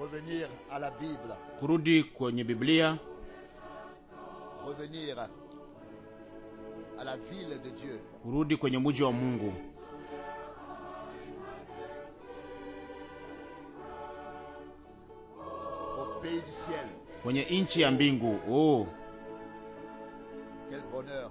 Revenir à la Bible. Kurudi kwenye Biblia. Revenir à la ville de Dieu. Kurudi kwenye mji wa Mungu. Au pays du ciel. Kwenye nchi ya mbingu. Oh. Quel bonheur.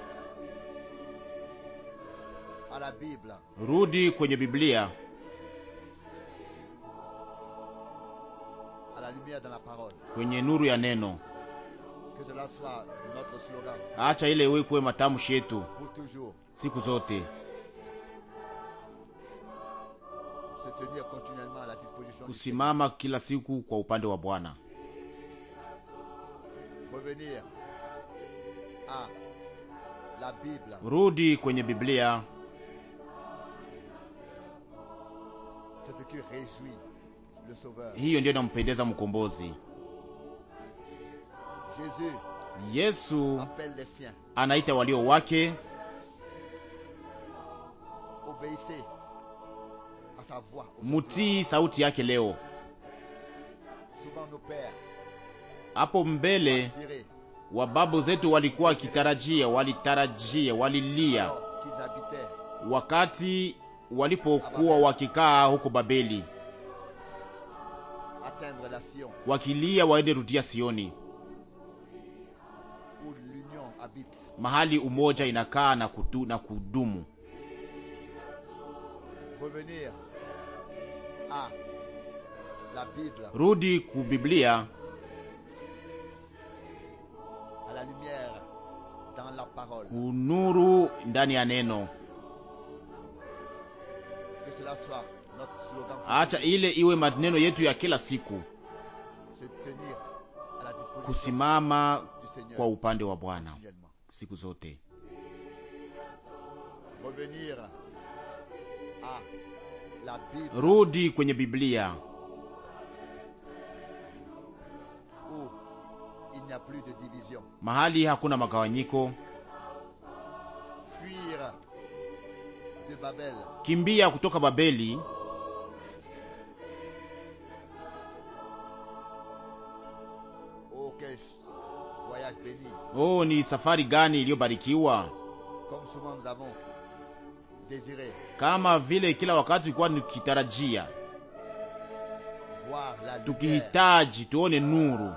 Rudi kwenye Biblia, kwenye nuru ya neno. Acha ile iwe kuwe matamshi yetu siku zote, kusimama kila siku kwa upande wa Bwana, rudi kwenye Biblia. Hiyo ndiyo inampendeza mkombozi. Yesu anaita walio wake mutii sauti yake leo. Hapo mbele wababu zetu walikuwa wakitarajia, walitarajia, walilia wakati walipokuwa wakikaa huko Babeli, wakilia waende rudia Sioni, mahali umoja inakaa na, kutu, na kudumu Rudi ku Biblia kunuru ndani ya neno Acha ile iwe maneno yetu ya kila siku, kusimama kwa upande wa Bwana siku zote, rudi kwenye Biblia mahali hakuna magawanyiko kimbia kutoka Babeli. Oh, ni safari gani iliyobarikiwa! Kama vile kila wakati tulikuwa tukitarajia, tukihitaji tuone nuru,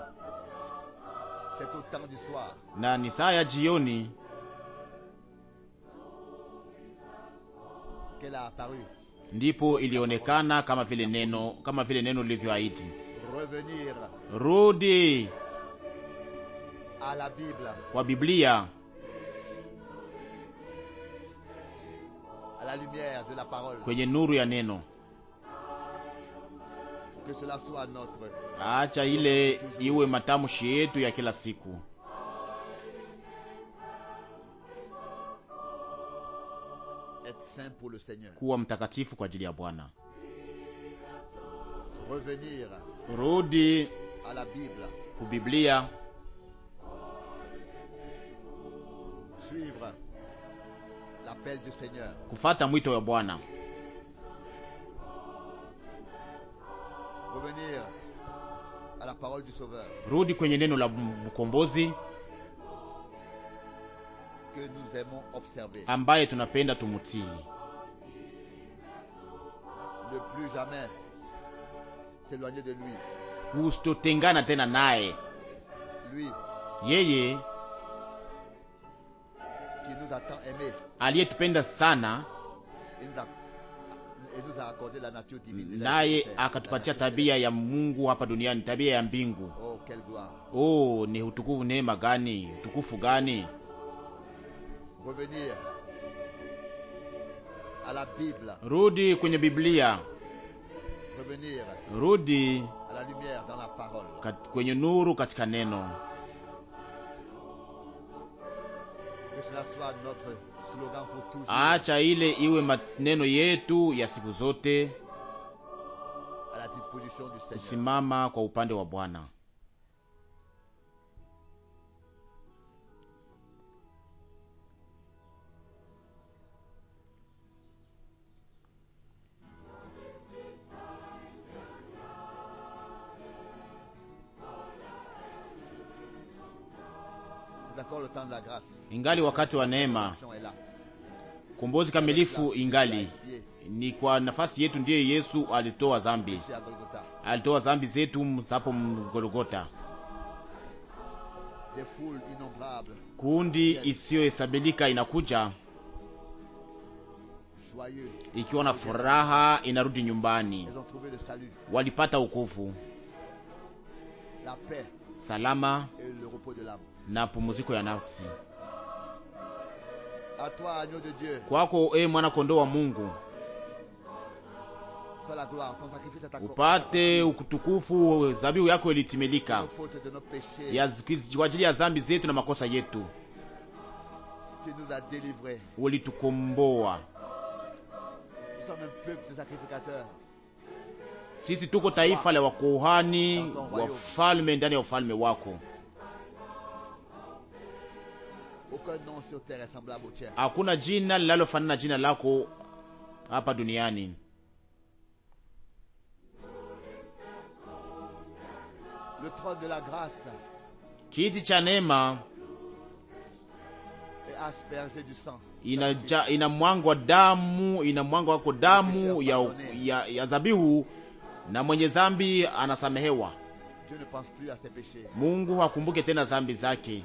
na ni saa ya jioni ndipo ilionekana kama vile neno kama vile neno lilivyoahidi. Rudi kwa Biblia, kwenye nuru ya neno. Acha ile iwe matamshi yetu ya kila siku. kuwa mtakatifu kwa ajili ya Bwana. Rudi kubiblia, kufata mwito wa Bwana, rudi kwenye neno la mkombozi ambaye tunapenda tumutii ne plus jamais s'éloigner de lui, usitotengana tena naye yeye aliyetupenda sana il naye akatupatia tabia ya Mungu hapa duniani, tabia ya mbingu. Oh, oh ni utukufu, neema gani, utukufu gani! rudi kwenye Biblia, rudi kwenye nuru katika neno. Acha ile iwe maneno yetu ya siku zote, kusimama kwa upande wa Bwana. ingali wakati wa neema, kombozi kamilifu ingali ni kwa nafasi yetu. Ndiye Yesu alitoa zambi, alitoa zambi zetu hapo Mgologota. Kundi isiyohesabelika inakuja ikiwa na furaha, inarudi nyumbani, walipata ukovu, salama na pumuziko ya nafsi kwako, e mwana kondoo wa Mungu, upate ukutukufu. Zabihu yako ilitimilika kwa ajili ya zambi zetu na makosa yetu, ulitukomboa sisi tuko taifa la wakohani, wafalme ndani ya ufalme wako. Hakuna jina linalofanana jina lako hapa duniani. Kiti cha neema ina, ina mwangwa damu, ina mwangwa wako damu ya, ya, ya zabihu, na mwenye zambi anasamehewa. Mungu hakumbuke tena zambi zake.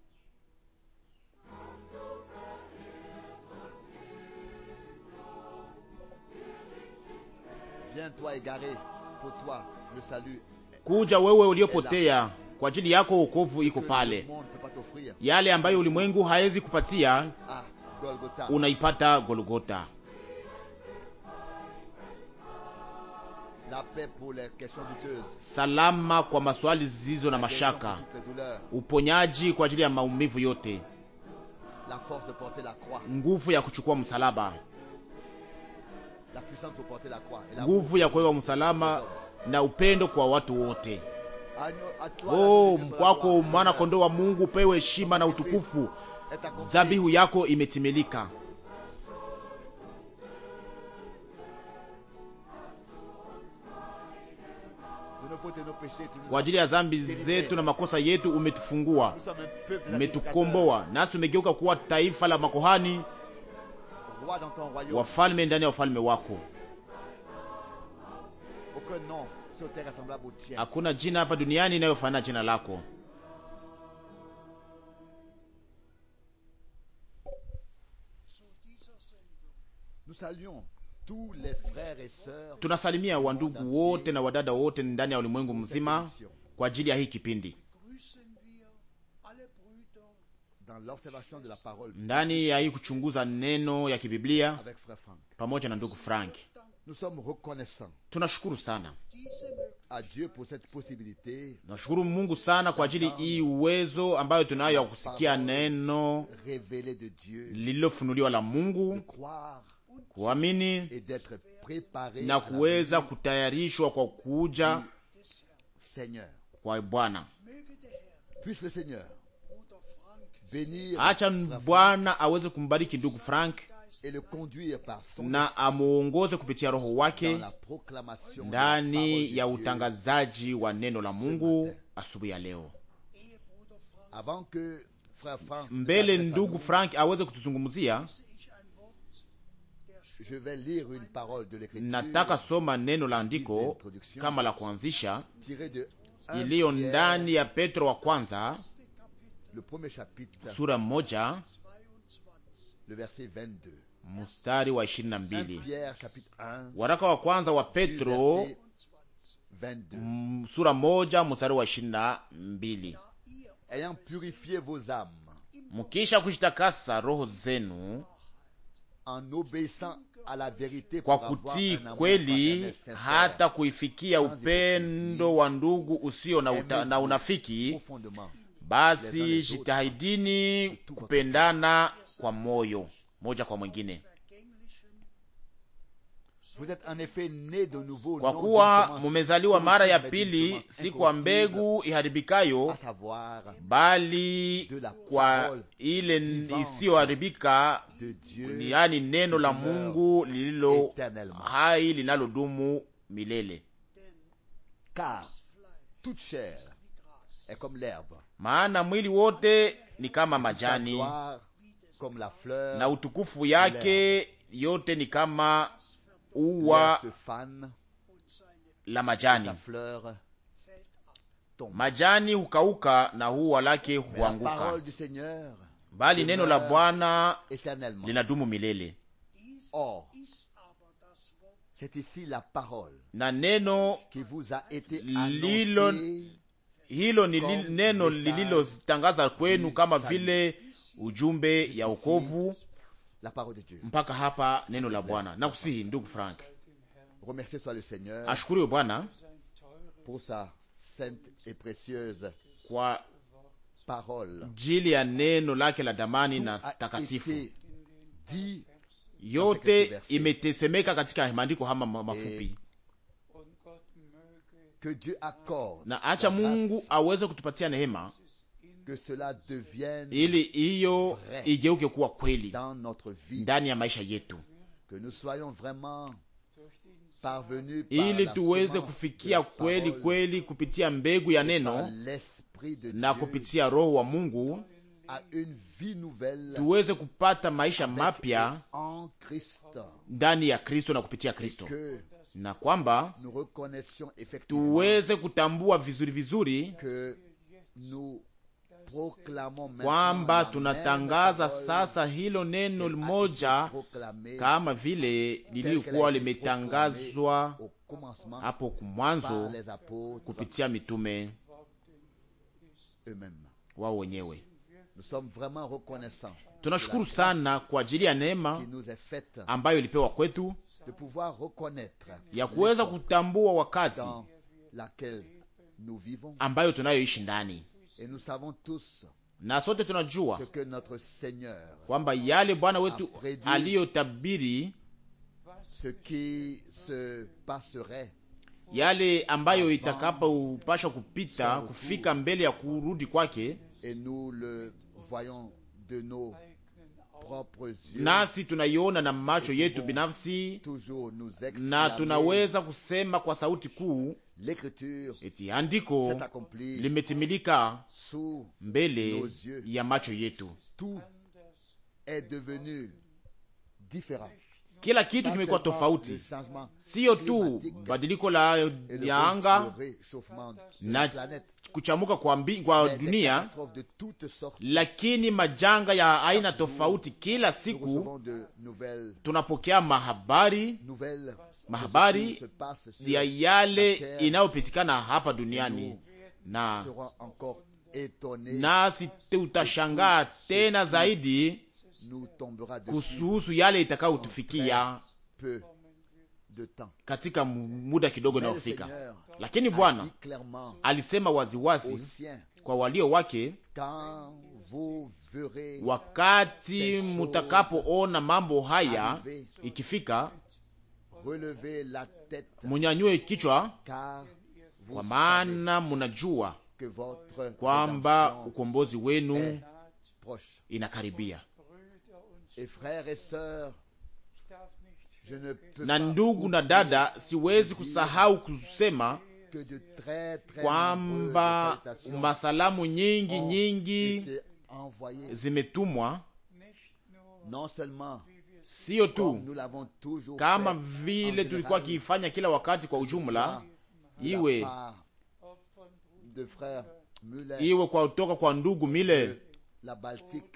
kuja wewe uliopotea kwa ajili yako wokovu iko pale, yale ambayo ulimwengu hawezi kupatia ah, unaipata Golgota. Salama kwa maswali zizo na mashaka, uponyaji kwa ajili ya maumivu yote, nguvu ya kuchukua msalaba nguvu ya kuweka msalama na upendo kwa watu wote. Oh, kwako mwana kondoo wa Mungu pewe heshima na utukufu, dhabihu yako imetimilika. Kwa ajili ya zambi zetu na makosa yetu umetufungua, umetukomboa, nasi umegeuka kuwa taifa la makohani wafalme ndani ya ufalme wako. Hakuna jina hapa duniani inayofanana jina lako. Tunasalimia wandugu wote na wadada wote ndani ya ulimwengu mzima kwa ajili ya hii kipindi ndani ya hii kuchunguza neno ya kibiblia pamoja na ndugu Frank. Tunashukuru sana, tunashukuru Mungu sana kwa ajili hii uwezo ambayo tunayo ya kusikia neno lililofunuliwa la Mungu, kuamini na kuweza kutayarishwa kwa kuja kwa Bwana acha Bwana aweze kumbariki ndugu Frank na amuongoze kupitia Roho wake ndani ya utangazaji wa neno la Mungu asubuhi ya leo. Mbele ndugu Frank aweze kutuzungumzia, nataka soma neno la andiko kama la kuanzisha iliyo ndani ya Petro wa kwanza sura moja mstari wa ishirini na mbili waraka wa kwanza wa Petro sura moja mustari wa ishirini na mbili mukisha kushitakasa roho zenu kwa kutii kweli hata kuifikia upendo wa ndugu usio na, uta, na unafiki basi jitahidini kupendana kwa moyo moja kwa mwingine, kwa kuwa mumezaliwa mara ya pili, si kwa mbegu iharibikayo, bali kwa ile isiyoharibika, yaani neno la Mungu lililo hai linalodumu milele maana mwili wote ni kama majani na utukufu yake yote ni kama uwa la majani. Majani hukauka na huwa lake huanguka, bali neno la Bwana linadumu milele. na neno lilo hilo ni li, neno lililotangaza kwenu kama vile ujumbe ya wokovu mpaka hapa neno la Bwana. Nakusihi ndugu Frank, ashukuriwe Bwana kwa jili ya neno lake la damani na takatifu. Yote imetesemeka katika maandiko hama mafupi na acha Mungu aweze kutupatia neema ili hiyo igeuke kuwa kweli ndani ya maisha yetu, ili tuweze kufikia kweli kweli kupitia mbegu ya neno na kupitia Roho wa Mungu tuweze kupata maisha mapya ndani ya Kristo na kupitia Kristo, na kwamba tuweze kutambua vizuri vizuri kwamba tunatangaza sasa hilo neno moja kama vile lilikuwa limetangazwa hapo kumwanzo kupitia mitume wao wenyewe. Tunashukuru sana kwa ajili ya neema ambayo ilipewa kwetu ya kuweza kutambua wakati ambayo tunayoishi ndani, na sote tunajua kwamba yale Bwana wetu aliyotabiri yale ambayo upasha kupita kufika mbele ya kurudi kwake, voyons de nos propres yeux, nasi tunaiona na macho yetu binafsi, na tunaweza kusema kwa sauti kuu eti andiko limetimilika mbele ya macho yetu. Kila kitu kimekuwa tofauti, siyo tu badiliko la ya anga na kuchamuka kwa, mbi, kwa dunia, lakini majanga ya aina tofauti kila siku tunapokea mahabari mahabari ya yale inayopitikana hapa duniani, na nasi tutashangaa tena zaidi kuhusu yale itakayotufikia katika muda kidogo unaofika, lakini Bwana alisema waziwazi kwa walio wake, wakati mutakapoona mambo haya ikifika, munyanyue kichwa, kwa maana munajua kwamba ukombozi wenu inakaribia na ndugu na dada, siwezi kusahau kusema kwamba masalamu nyingi nyingi zimetumwa sio tu kama vile tulikuwa kiifanya kila wakati kwa ujumla, iwe iwe kwa kutoka kwa ndugu Mile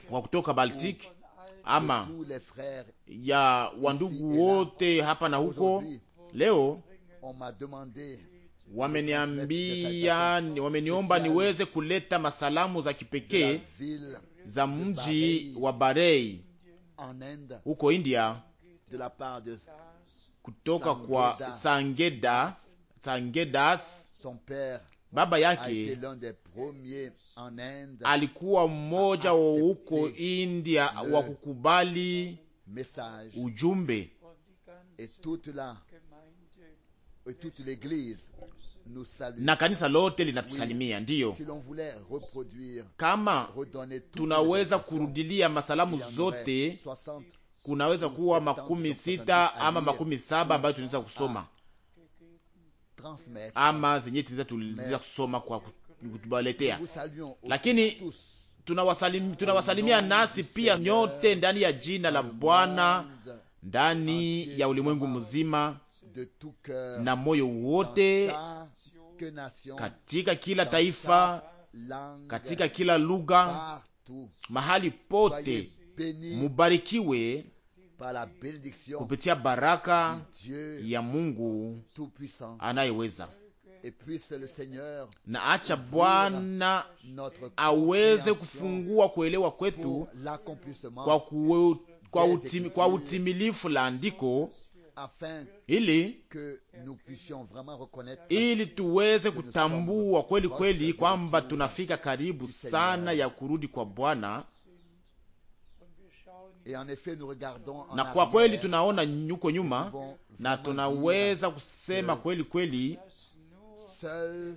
kwa kutoka Baltiki ama ya wandugu wote hapa na huko. Leo wameniambia, wameniomba niweze kuleta masalamu za kipekee za mji wa Barei huko India kutoka kwa Sangedas, Sangedas baba yake alikuwa mmoja wa huko India wa kukubali ujumbe na kanisa lote linatusalimia. Ndiyo, kama tunaweza kurudilia masalamu zote, kunaweza kuwa makumi sita ama makumi saba ambayo tunaweza kusoma ama zenye tuliweza kusoma kwa kutubaletea, lakini tunawasalimia tunawasalimia nasi pia nyote ndani ya jina la Bwana ndani ya ulimwengu mzima na moyo wote katika kila taifa katika kila lugha mahali pote, mubarikiwe kupitia baraka ya Mungu anayeweza na acha Bwana aweze kufungua kuelewa kwetu kwa, ku, kwa, utim, kwa utimilifu la andiko ili ili tuweze kutambua kweli kweli kwamba tunafika karibu sana ya kurudi kwa Bwana na kwa kweli tunaona nyuko nyuma na tunaweza kusema kweli kweli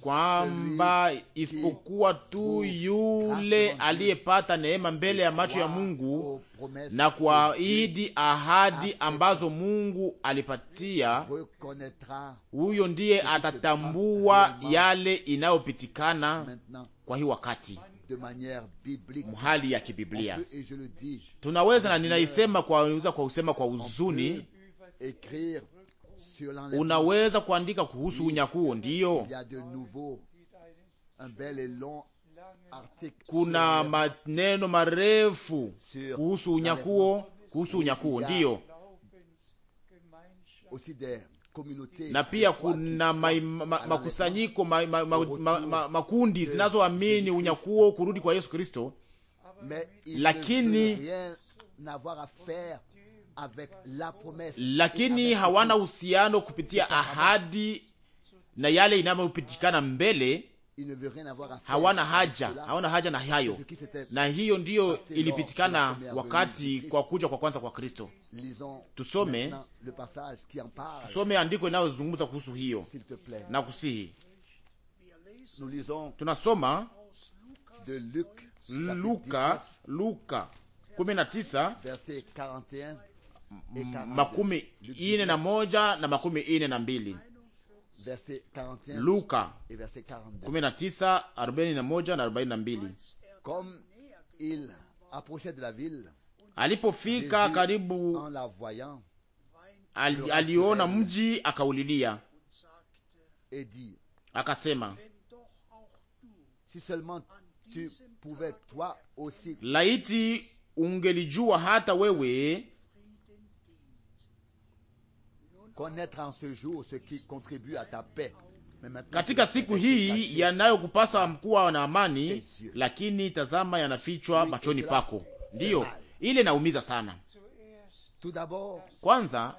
kwamba isipokuwa tu yule aliyepata neema mbele ya macho ya Mungu na kuahidi ahadi ambazo Mungu alipatia, huyo ndiye atatambua yale inayopitikana kwa hii wakati mhali ya kibiblia. Tunaweza na ninaisema kwa, kwa usema kwa huzuni unaweza kuandika kuhusu unyakuo. Ndiyo, kuna maneno marefu kuhusu unyakuo, kuhusu unyakuo, ndiyo na pia kuna makusanyiko ma, ma, ma, ma, ma, ma, makundi zinazoamini unyakuo, kurudi kwa Yesu Kristo, lakini lakini hawana uhusiano kupitia ahadi na yale inayopitikana mbele. Hawana haja, hawana haja na hayo, na hiyo ndiyo ilipitikana wakati kwa kuja kwa kwanza kwa Kristo. Tusome, tusome andiko inayozungumza kuhusu hiyo na kusihi, tunasoma Luka, Luka kumi Mm, makumi ine na moja na makumi ine na mbili Luka kumi na tisa arobaini na moja na arobaini na mbili il de la ville, Alipofika karibu al, aliona mji akaulilia, akasema si tu toi aussi laiti ungelijua hata wewe katika siku hii yanayokupasa mkuwa na amani, lakini tazama, yanafichwa machoni pako. Ndiyo ile naumiza sana. Kwanza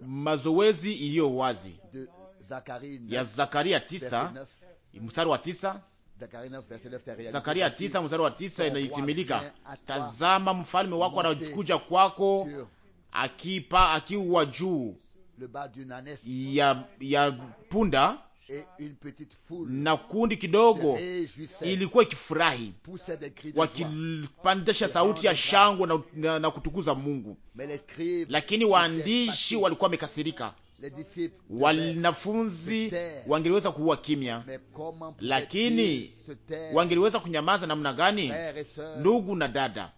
mazoezi iliyo wazi ya Zakaria tisa mstari wa tisa Zakaria tisa mstari wa tisa inaitimilika: tazama mfalme wako anakuja kwako akipa akiwa juu ya, ya punda na kundi kidogo ilikuwa ikifurahi wakipandisha sauti ya shangwe na, na, na kutukuza Mungu. Lakini waandishi walikuwa wamekasirika, wanafunzi wangeliweza kuwa kimya, lakini wangeliweza kunyamaza namna gani? Ndugu na dada,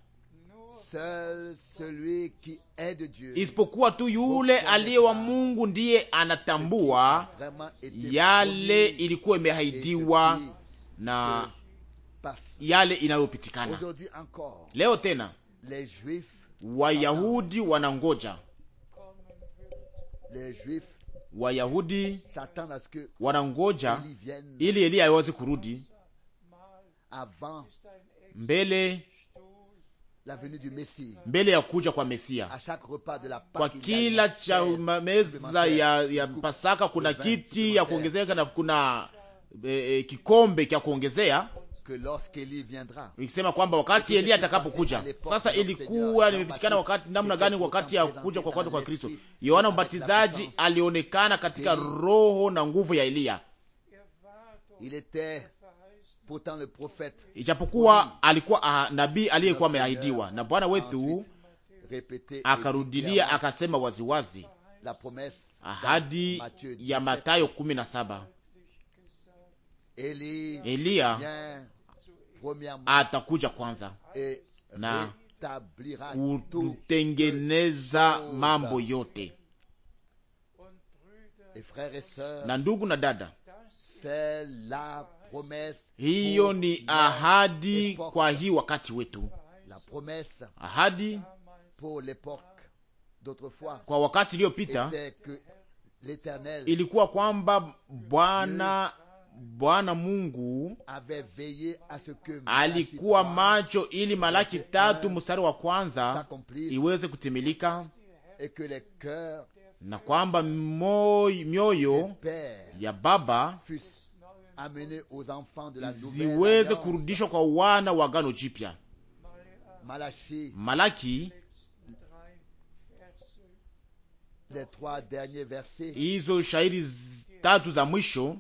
isipokuwa tu yule aliye wa Mungu ndiye anatambua yale ilikuwa imehaidiwa na yale inayopitikana leo. Tena Wayahudi wanangoja, Wayahudi wanangoja ili Eliya aweze kurudi mbele la venue du Messie, mbele ya kuja kwa Mesia. Kwa kila cha meza ya, ya Pasaka kuna kiti ya kuongezeka na kuna eh, kikombe cha kuongezea ikisema kwamba wakati Eliya atakapokuja. Sasa ilikuwa limepitikana wakati namna gani? Wakati ya kuja kwa kwanza kwa Kristo, Yohana Mbatizaji alionekana katika roho na nguvu ya Eliya ijapokuwa alikuwa ah, nabii aliyekuwa ameahidiwa na Bwana wetu, akarudilia akasema waziwazi ahadi ya Matayo kumi na saba Eliya atakuja kwanza na kutengeneza mambo yote. Na ndugu na dada, hiyo ni ahadi kwa hii wakati wetu, ahadi kwa wakati iliyopita ilikuwa kwamba Bwana Bwana Mungu alikuwa macho ili Malaki tatu mstari wa kwanza iweze kutimilika, na kwamba mioyo ya baba ziweze kurudishwa kwa wana wa agano jipya. Malaki hizo shairi tatu za mwisho,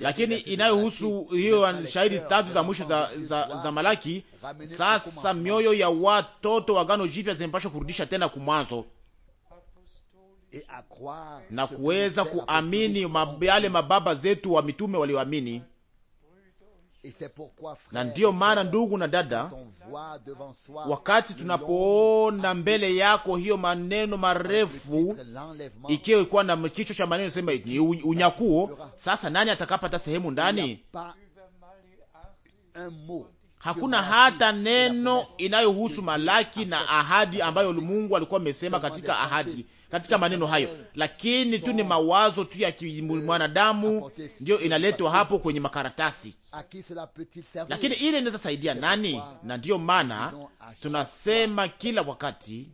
lakini inayohusu hiyo shairi tatu za mwisho za, za, za Malaki. Sasa mioyo ya watoto wa jipya zimepashwa kurudisha tena kumwanzo na kuweza kuamini yale mababa zetu wa mitume walioamini na ndiyo maana ndugu na dada, wakati tunapoona mbele yako hiyo maneno marefu, ikiwa ilikuwa na kichwa cha maneno sema ni unyakuo, sasa nani atakapata sehemu ndani? Hakuna hata neno inayohusu Malaki na ahadi ambayo Mungu alikuwa amesema katika ahadi katika maneno hayo, lakini tu ni mawazo tu ya kimwanadamu ndiyo inaletwa hapo kwenye makaratasi, lakini ile inaweza saidia nani? Na ndiyo maana tunasema kila wakati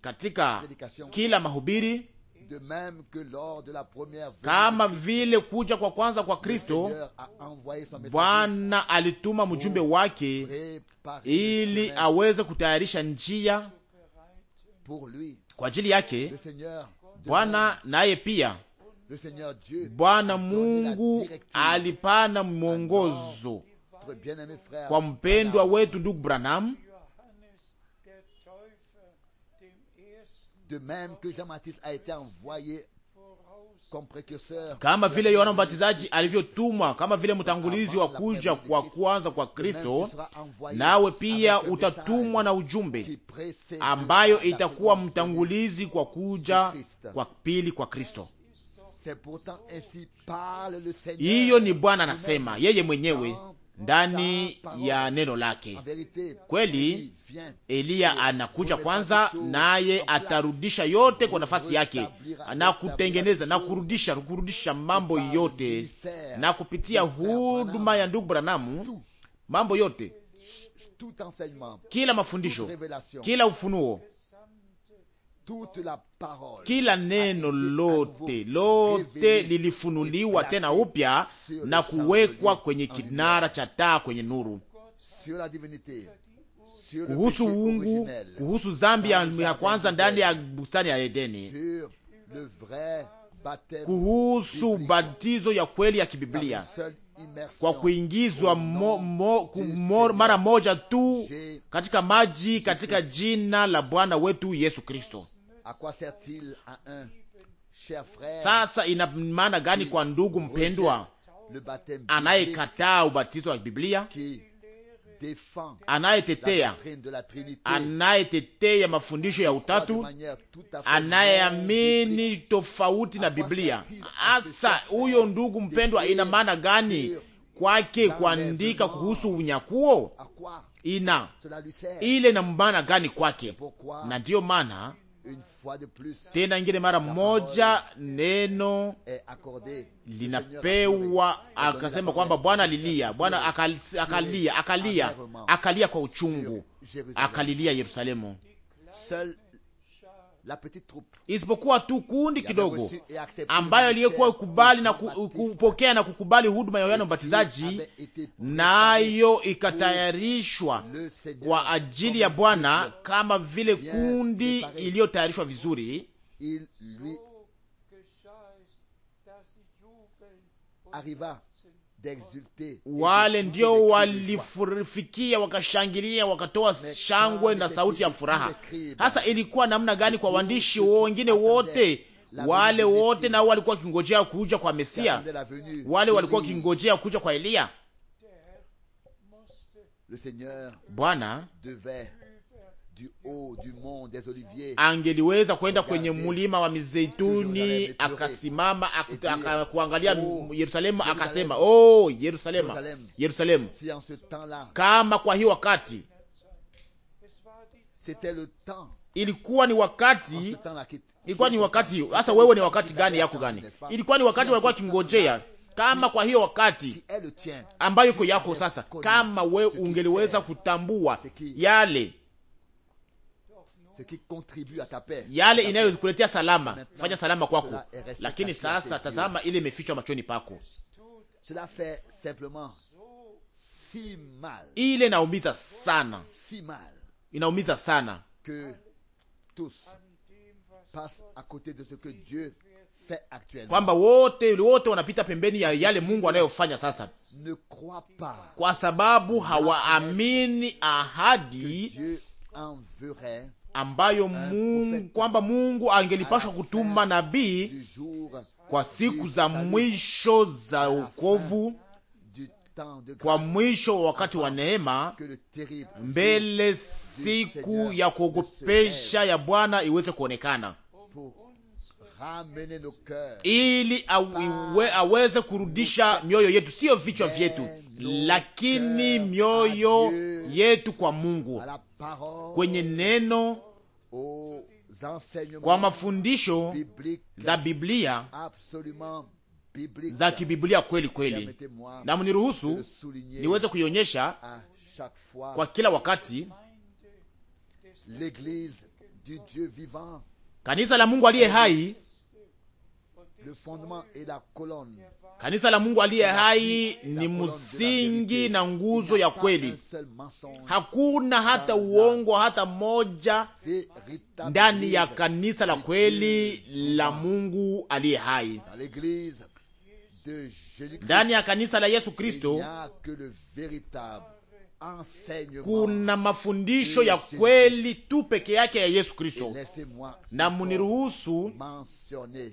katika kila mahubiri kama vile kuja kwa kwanza kwa Kristo, Bwana alituma mjumbe wake ili aweze kutayarisha njia kwa ajili yake Bwana naye pia Bwana Mungu alipana mwongozo kwa mpendwa wetu ndugu Branham, kama vile Yohana Mbatizaji alivyotumwa kama vile mtangulizi wa kuja kwa kwanza kwa Kristo, nawe pia utatumwa na ujumbe ambayo itakuwa mtangulizi kwa kuja kwa pili kwa Kristo. Hiyo ni Bwana anasema yeye mwenyewe ndani ya neno lake. Kweli Eliya anakuja kwanza, naye atarudisha yote kwa nafasi yake na kutengeneza na kurudisha kurudisha mambo yote, na kupitia huduma ya ndugu Branamu mambo yote, kila mafundisho, kila ufunuo kila neno lote lote lilifunuliwa tena upya na kuwekwa kwenye kinara cha taa kwenye nuru, kuhusu uungu, kuhusu zambi ya kwanza ndani ya bustani ya Edeni, kuhusu batizo ya kweli ya kibiblia kwa kuingizwa mo, mo, mo, mara moja tu katika maji katika jina la Bwana wetu Yesu Kristo. Sasa ina maana gani kwa ndugu mpendwa anayekataa ubatizo wa Biblia, anayetetea anayetetea mafundisho ya utatu, anayeamini tofauti na Biblia? Hasa huyo ndugu mpendwa, ina maana gani kwake kuandika kuhusu unyakuo? Ina ile na maana gani kwake? Na ndiyo maana tena ingine mara moja neno linapewa, akasema kwamba Bwana alilia, Bwana akalia, akalia, akalia, akalia kwa uchungu, akalilia Yerusalemu isipokuwa tu kundi kidogo ambayo aliyekuwa kubali na kupokea na kukubali huduma ya Yohana Mbatizaji, nayo ikatayarishwa kwa ajili ya Bwana kama vile kundi iliyotayarishwa vizuri wale ndio walifurifikia wakashangilia, wakatoa shangwe na sauti ya furaha. Hasa ilikuwa namna gani kwa waandishi wengine wote? Wale wote nao walikuwa wakingojea kuja kwa Mesia, wale walikuwa wakingojea kuja kwa Eliya. Bwana angeliweza kwenda kwenye mlima wa mizeituni akasimama kuangalia oh, Yerusalemu akasema, oh, Yerusalemu, Yerusalemu, kama kwa hii wakati ilikuwa ni wakati ilikuwa ni wakati hasa. Wewe ni wakati gani yako gani? Ilikuwa ni wakati walikuwa wakingojea, kama kwa hiyo wakati ambayo iko yako sasa. Kama we ungeliweza kutambua yale yale inayokuletea salama, fanya salama kwako, lakini sasa tazama, ile imefichwa machoni pako, ile inaumiza sana, inaumiza sana kwamba wote wote wanapita pembeni ya yale Mungu anayofanya sasa, kwa sababu hawaamini ahadi ambayo Mungu, kwamba Mungu angelipashwa kutuma nabii kwa siku za mwisho za ukovu, kwa mwisho wa wakati wa neema, mbele siku ya kuogopesha ya Bwana iweze kuonekana ili awe, aweze kurudisha mioyo yetu, siyo vichwa vyetu, lakini mioyo yetu kwa Mungu kwenye neno, kwa mafundisho za Biblia za kibiblia kweli kweli, na mniruhusu niweze kuionyesha kwa kila wakati. Kanisa la Mungu aliye hai Kanisa la Mungu aliye hai ni msingi na nguzo ya kweli. Hakuna hata uongo hata moja ndani ya kanisa la kweli la Mungu aliye hai. Ndani ya kanisa la Yesu Kristo kuna mafundisho ya kweli tu peke yake ya Yesu Kristo, na muniruhusu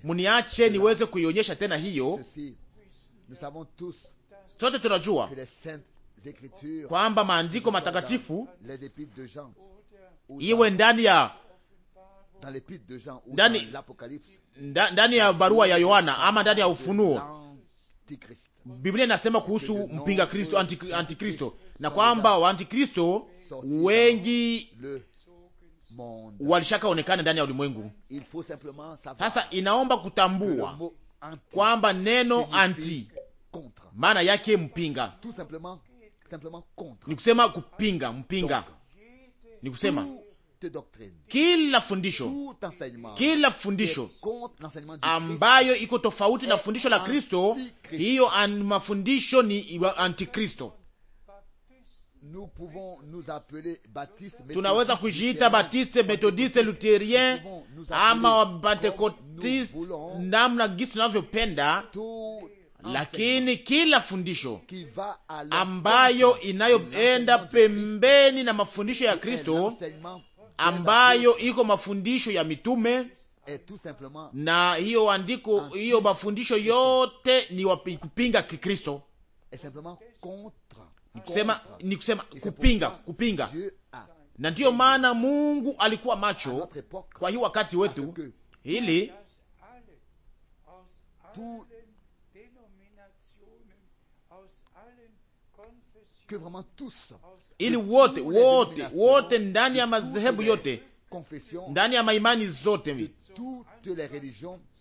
muniache niweze kuionyesha tena hiyo. Sote tunajua kwamba maandiko matakatifu iwe ndani ya ndani, ndani ya barua ya Yohana ama ndani ya Ufunuo, Biblia inasema kuhusu mpinga Kristo, antikristo anti na kwamba waantikristo wengi walishakaonekana ndani ya ulimwengu. Sasa inaomba kutambua kwamba neno anti maana yake mpinga, ni kusema kupinga, mpinga ni kusema kila fundisho, kila fundisho ambayo iko tofauti na fundisho la Kristo, hiyo mafundisho ni Antikristo. Baptiste, tunaweza kujiita Batiste, Methodiste, Luterien ama Wapentekotiste namna gisi tunavyopenda, lakini kila fundisho ambayo inayoenda pembeni na mafundisho ya Kristo ambayo iko mafundisho ya mitume na hiyo andiko hiyo mafundisho yote ni wakupinga Kikristo nikusema, nikusema kupinga, kupinga. Na ndiyo maana Mungu alikuwa macho kwa hii wakati wetu ili ili wote wote wote ndani ya madhehebu yote ndani ya maimani zote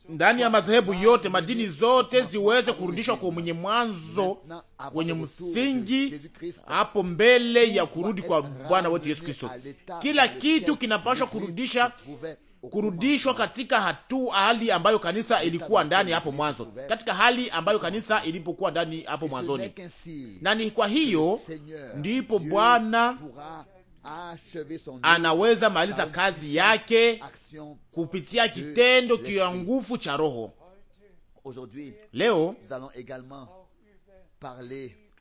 ndani ya madhehebu yote, madini zote ziweze kurudishwa kwa mwenye mwanzo, kwenye msingi hapo mbele ya kurudi kwa Bwana wetu Yesu Kristo. Kila kitu kinapashwa kurudisha kurudishwa katika hatu hali ambayo kanisa ilikuwa ndani hapo mwanzo, katika hali ambayo kanisa ilipokuwa ndani hapo mwanzoni. Na ni kwa hiyo ndipo Bwana anaweza maliza kazi yake kupitia kitendo kiwa nguvu cha Roho. Leo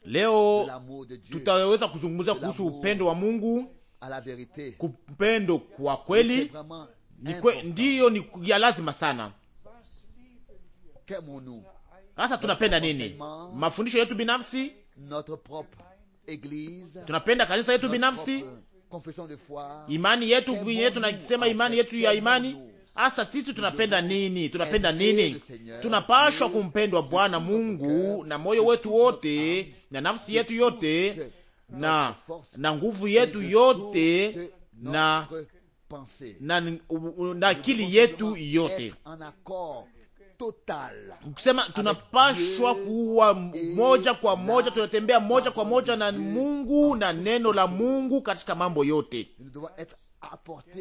leo tutaweza kuzungumza kuhusu upendo wa Mungu, kupendo kwa kweli ndiyo ni ya lazima sana. Sasa tunapenda nini? Mafundisho yetu binafsi, tunapenda kanisa yetu binafsi imani yetu yenyewe tunasema imani yetu ya imani. Asa sisi tunapenda nini? Tunapenda nini? Tunapashwa kumpendwa Bwana Mungu na moyo wetu wote na nafsi yetu yote na na nguvu yetu yote na na akili yetu yote kusema tunapashwa kuwa moja kwa moja, tunatembea moja kwa moja na Mungu na neno la Mungu katika mambo yote.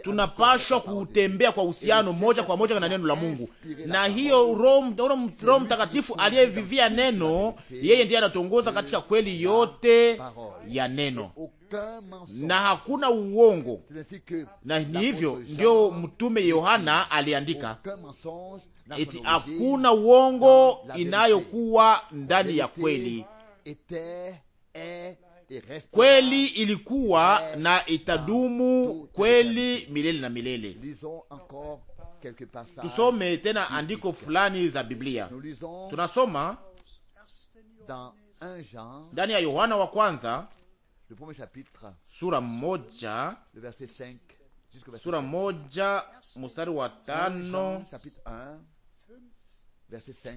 Tunapashwa kutembea kwa uhusiano moja kwa moja na neno la Mungu, na hiyo Roho Mtakatifu aliyevivia neno, yeye ndiye anatuongoza katika kweli yote ya neno na hakuna uongo. Na ni hivyo ndio mtume Yohana aliandika, eti hakuna uongo inayokuwa ndani ya kweli. E, kweli ilikuwa na itadumu kweli milele na milele. Tusome tena andiko fulani za Biblia. Tunasoma ndani ya Yohana wa kwanza sura moja sura moja mstari wa tano verset 5.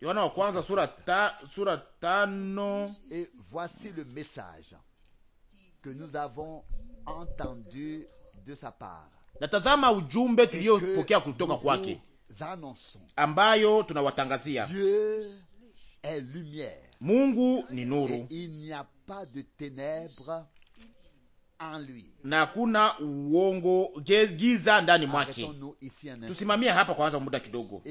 Yohana wa kwanza sura, ta, sura tano. Et voici le message que nous avons entendu de sa part. Natazama ujumbe tuliopokea kutoka kwake ambayo tunawatangazia. Mungu ni nuru, il n'y a pas de ténèbres na kuna uongo giza ndani mwake. Tusimamie hapa kwanza muda kidogo,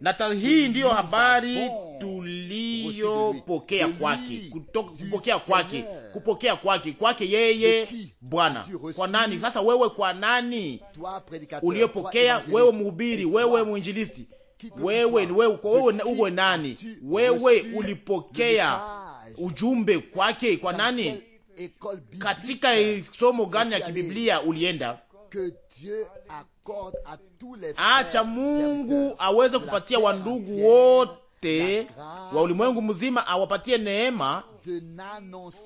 na hii ndiyo habari tuliyopokea kwake, kupokea kwake, kupokea kwake, kwake yeye Bwana. Kwa nani sasa? Wewe kwa nani uliyopokea? Wewe mhubiri, wewe mwinjilisti, wewe uwe nani? Wewe ulipokea ujumbe kwake, kwa nani? katika somo gani ya kibiblia ulienda? Acha Mungu aweze kupatia wandugu wote wa ulimwengu mzima, awapatie neema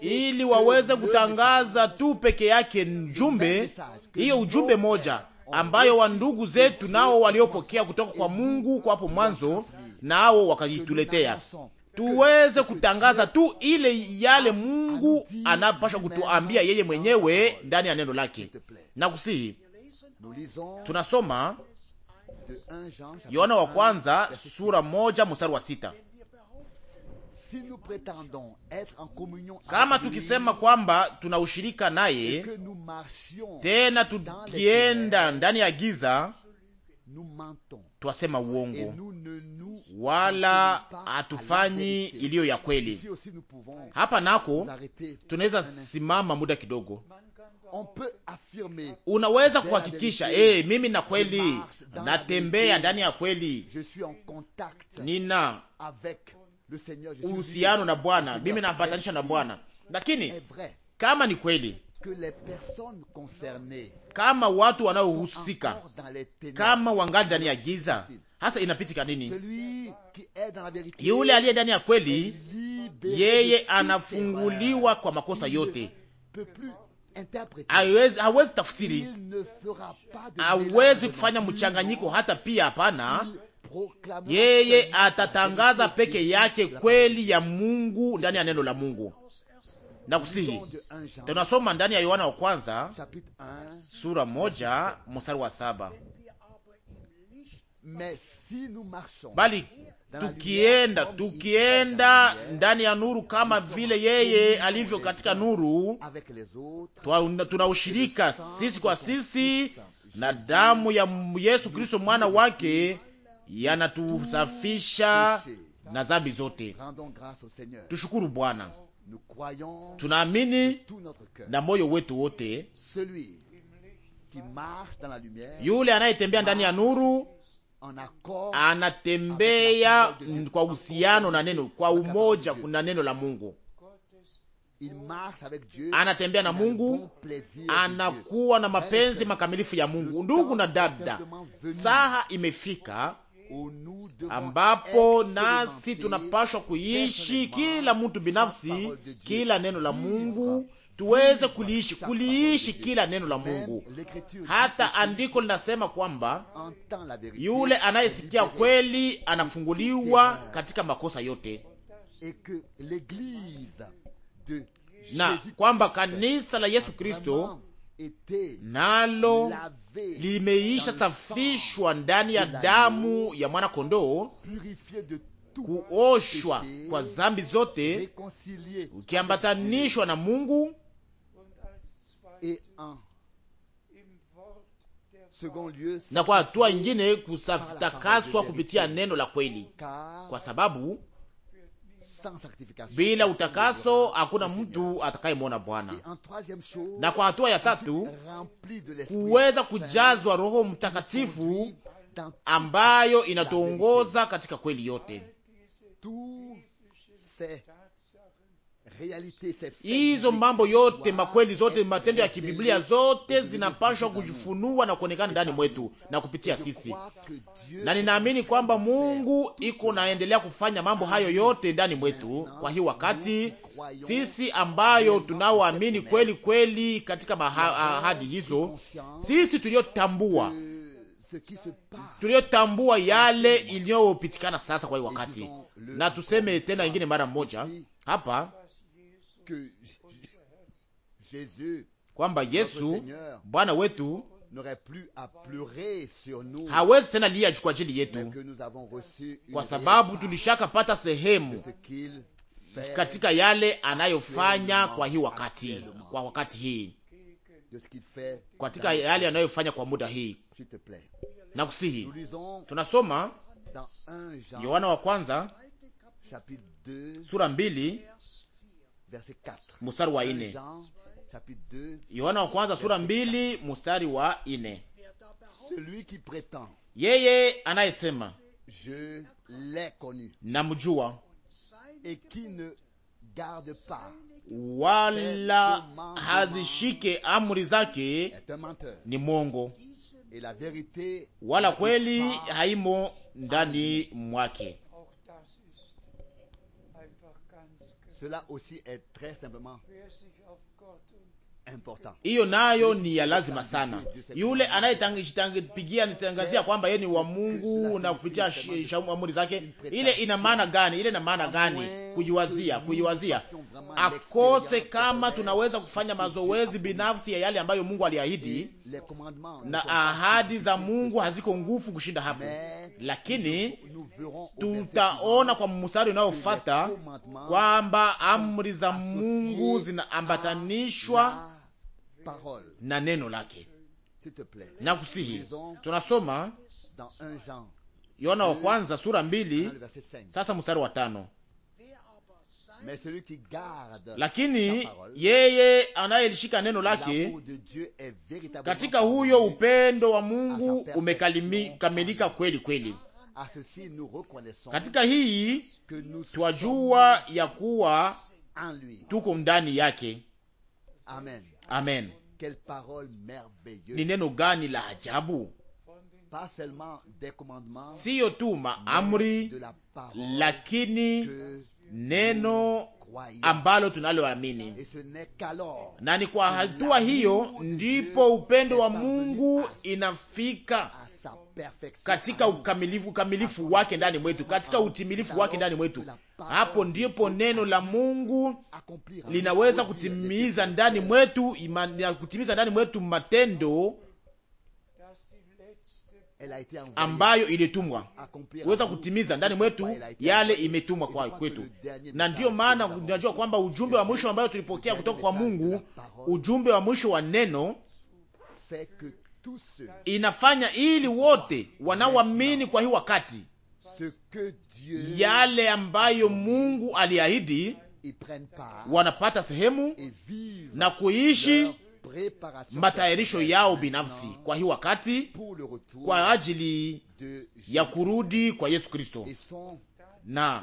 ili waweze kutangaza tu peke yake njumbe hiyo, ujumbe moja ambayo wandugu zetu nao waliopokea kutoka kwa Mungu kwa hapo mwanzo, nao wakajituletea tuweze kutangaza tu ile yale Mungu anapasha kutuambia yeye mwenyewe ndani ya neno lake. Nakusihi, tunasoma Yohana wa kwanza sura moja mstari wa sita. Kama tukisema kwamba tunaushirika naye tena tukienda ndani ya giza twasema uongo wala hatufanyi iliyo ya kweli. Hapa nako tunaweza simama muda kidogo, unaweza kuhakikisha eh, mimi na kweli natembea ndani ya kweli, nina uhusiano na Bwana, mimi napatanisha na Bwana. Lakini kama ni kweli kama watu wanaohusika kama wangali ndani ya giza, hasa inapitika nini? Yule aliye ndani ya kweli, yeye anafunguliwa kwa makosa yote, hawezi tafsiri, hawezi kufanya mchanganyiko, hata pia hapana. Yeye atatangaza peke yake kweli ya Mungu ndani ya neno la Mungu na kusihi. Tunasoma ndani ya Yohana wa kwanza sura moja mstari wa saba bali tukienda tukienda ndani ya nuru kama vile yeye alivyo katika nuru, tunaushirika sisi kwa sisi, na damu ya Yesu Kristo mwana wake yanatusafisha na zambi zote. Tushukuru Bwana tunaamini na moyo wetu wote, yule anayetembea ndani ya nuru anatembea kwa uhusiano na neno, kwa umoja na neno la Mungu. Anatembea na Mungu, anakuwa na mapenzi makamilifu ya Mungu. Ndugu na dada, saha imefika ambapo nasi tunapashwa kuishi, kila mtu binafsi, kila neno la Mungu tuweze kuliishi, kuliishi kila neno la Mungu. Hata andiko linasema kwamba yule anayesikia kweli anafunguliwa katika makosa yote, na kwamba kanisa la Yesu Kristo nalo limeisha safishwa ndani ya damu ya mwana kondoo, kuoshwa kwa zambi zote, ukiambatanishwa na Mungu na kwa hatua ingine kutakaswa kupitia neno la kweli, kwa sababu bila utakaso hakuna mtu atakayemwona Bwana. Na kwa hatua ya tatu, kuweza kujazwa Roho Mtakatifu ambayo inatuongoza katika kweli yote. Hizo mambo yote, makweli zote, matendo ya kibiblia zote zinapashwa kujifunua na kuonekana ndani mwetu na kupitia sisi, na ninaamini kwamba Mungu iko naendelea kufanya mambo hayo yote ndani mwetu kwa hii wakati, sisi ambayo tunaoamini kweli kweli katika ahadi hizo, sisi tuliyotambua tuliyotambua yale iliyopitikana sasa kwa hii wakati, na tuseme tena ingine mara moja hapa kwamba Yesu Bwana wetu hawezi tena lia kwa ajili yetu, kwa sababu pata sehemu katika yale anayofanya kwa hii wakati, kwa wakati hii, katika yale anayofanya kwa muda hii. kusihi tunasoma Yohana wa kwanza sura mbili mstari wa ine. Yohana wa kwanza sura mbili mstari wa ine. Celui Yeye anayesema namjua wala hazishike amri zake ni mwongo, wala kweli haimo ndani mwake. Cela aussi est très simplement important. Hiyo nayo ni ya lazima sana. Yule anayejipigia nitangazia kwamba yeye ni wa Mungu na kupitia amri zake, ile ina maana gani? Ile ina maana gani? Kujiwazia, kujiwazia akose kama tunaweza kufanya mazoezi binafsi ya yale ambayo Mungu aliahidi, na ahadi za Mungu haziko nguvu kushinda hapo lakini tutaona kwa mstari unayofuata kwamba amri za Mungu zinaambatanishwa na neno lake. Na kusihi tunasoma Yohana wa kwanza sura mbili sasa mstari wa tano lakini yeye anayelishika neno lake, katika huyo upendo wa Mungu umekamilika kweli kweli. Katika hii twajua ya kuwa tuko ndani yake. Amen, amen. Ni neno gani la ajabu! Siyo tu maamri, lakini neno ambalo tunaloamini, na ni kwa hatua hiyo ndipo upendo wa Mungu inafika katika ukamilifu, ukamilifu wake ndani mwetu, katika utimilifu wake ndani mwetu. Hapo ndipo neno la Mungu linaweza kutimiza ndani mwetu, kutimiza ndani mwetu matendo ambayo ilitumwa kuweza kutimiza ndani mwetu yale imetumwa kwa kwetu, na ndiyo maana unajua kwamba ujumbe wa mwisho ambayo tulipokea kutoka kwa Mungu, ujumbe wa mwisho wa neno inafanya ili wote wanaoamini kwa hii wakati yale ambayo Mungu aliahidi wanapata sehemu na kuishi matayarisho yao binafsi kwa hii wakati kwa ajili ya kurudi kwa Yesu Kristo, na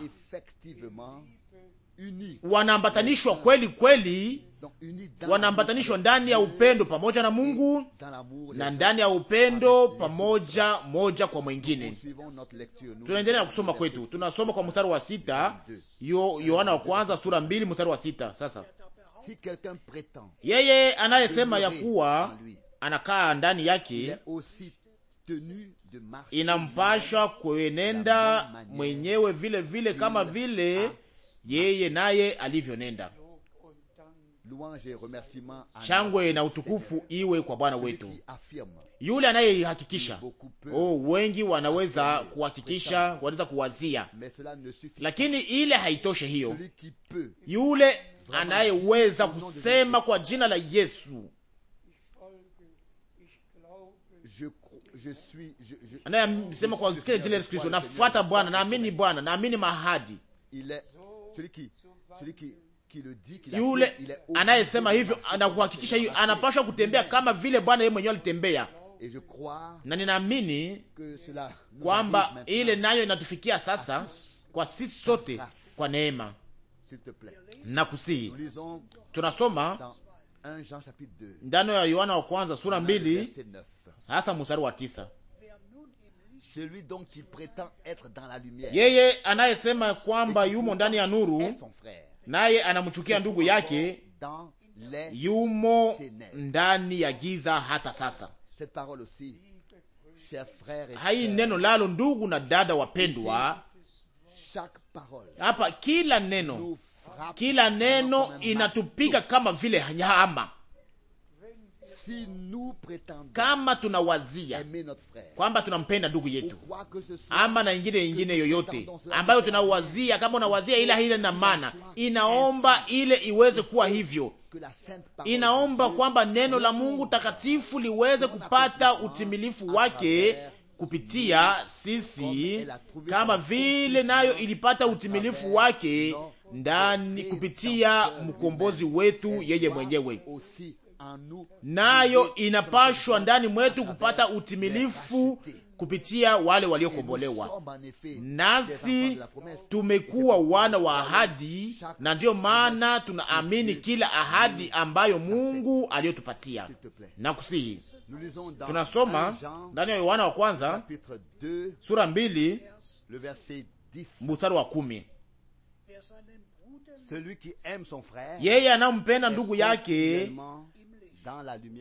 wanaambatanishwa kweli kweli, wanaambatanishwa ndani ya upendo pamoja na Mungu na ndani ya upendo pamoja moja kwa mwingine. Tunaendelea na kusoma kwetu, tunasoma kwa mstari wa sita, Yohana wa kwanza sura mbili mstari wa sita. Sasa Si yeye anayesema ya kuwa anakaa ndani yake inampasha kuenenda mwenyewe vile vile kama vile yeye naye alivyonenda. Shangwe na utukufu iwe kwa Bwana wetu, yule anayehakikisha. Oh, wengi wanaweza kuhakikisha, wanaweza kuwazia, lakini ile haitoshe hiyo. Yule anayeweza kusema kwa jina la Yesu, anayesema kwa kile jina la Yesu Kristo. Nafuata Bwana, naamini Bwana, naamini mahadi yule anayesema hivyo anakuhakikisha hiyo, anapashwa kutembea kama vile Bwana yeye mwenyewe alitembea, na ninaamini kwamba ile nayo inatufikia sasa kwa sisi sote kwa neema. Nakusihi, tunasoma ndano ya Yohana wa kwanza sura mbili hasa mstari wa tisa. Celui donc qui prétend être dans la lumière, yeye anayesema kwamba yumo ndani ya nuru, naye anamchukia ndugu yake, yumo ndani ya giza hata sasa. Hai neno lalo, ndugu na dada wapendwa, hapa kila neno kila neno inatupiga kama vile nyama kama tunawazia kwamba tunampenda ndugu yetu ama na ingine ingine yoyote ambayo tunawazia, kama unawazia ila ile na maana, inaomba ile iweze kuwa hivyo, inaomba kwamba neno la Mungu takatifu liweze kupata utimilifu wake kupitia sisi, kama vile nayo ilipata utimilifu wake ndani kupitia mkombozi wetu yeye mwenyewe, nayo inapashwa ndani mwetu kupata utimilifu kupitia wale waliokombolewa. Nasi tumekuwa wana wa ahadi, na ndiyo maana tunaamini kila ahadi ambayo Mungu aliyotupatia. Na kusihi tunasoma ndani ya Yohana wa kwanza sura mbili mstari wa kumi Celui qui aime son frère, yeye anampenda ndugu yake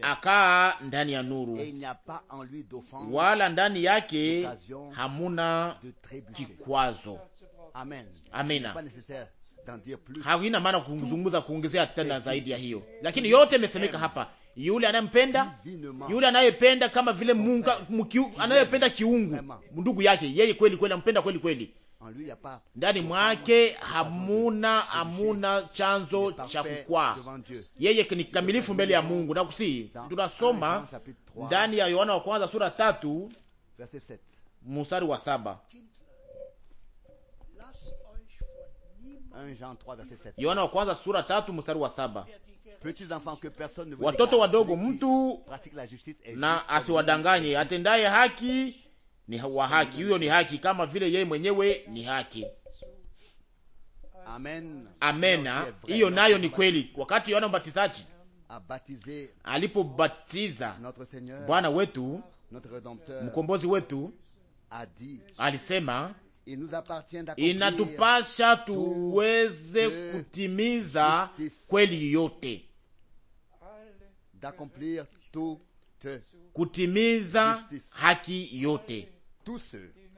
akaa ndani ya nuru, wala ndani yake hamuna kikwazo. Amina. Haina maana kuzungumza kuongezea tena zaidi ya hiyo, lakini yote imesemeka hapa. Yule anayempenda, yule anayependa kama vile Mungu anayependa kiungu ndugu yake, yeye kweli kweli ampenda kweli kweli ndani mwake hamuna hamuna chanzo cha kukwaa. Yeye ni kamilifu mbele ya Mungu. Nakusii, tunasoma ndani ya Yohana wa kwanza sura tatu musari wa saba. Yohana wa kwanza sura tatu musari wa saba. Watoto wadogo, mtu na asiwadanganye, atendaye haki ni wa haki, huyo ni haki kama vile yeye mwenyewe ni haki. Amen. Amena, hiyo nayo ni kweli. Wakati Yohana Mbatizaji alipobatiza Bwana wetu mkombozi wetu alisema, inatupasha tuweze kutimiza kweli yote, kutimiza haki yote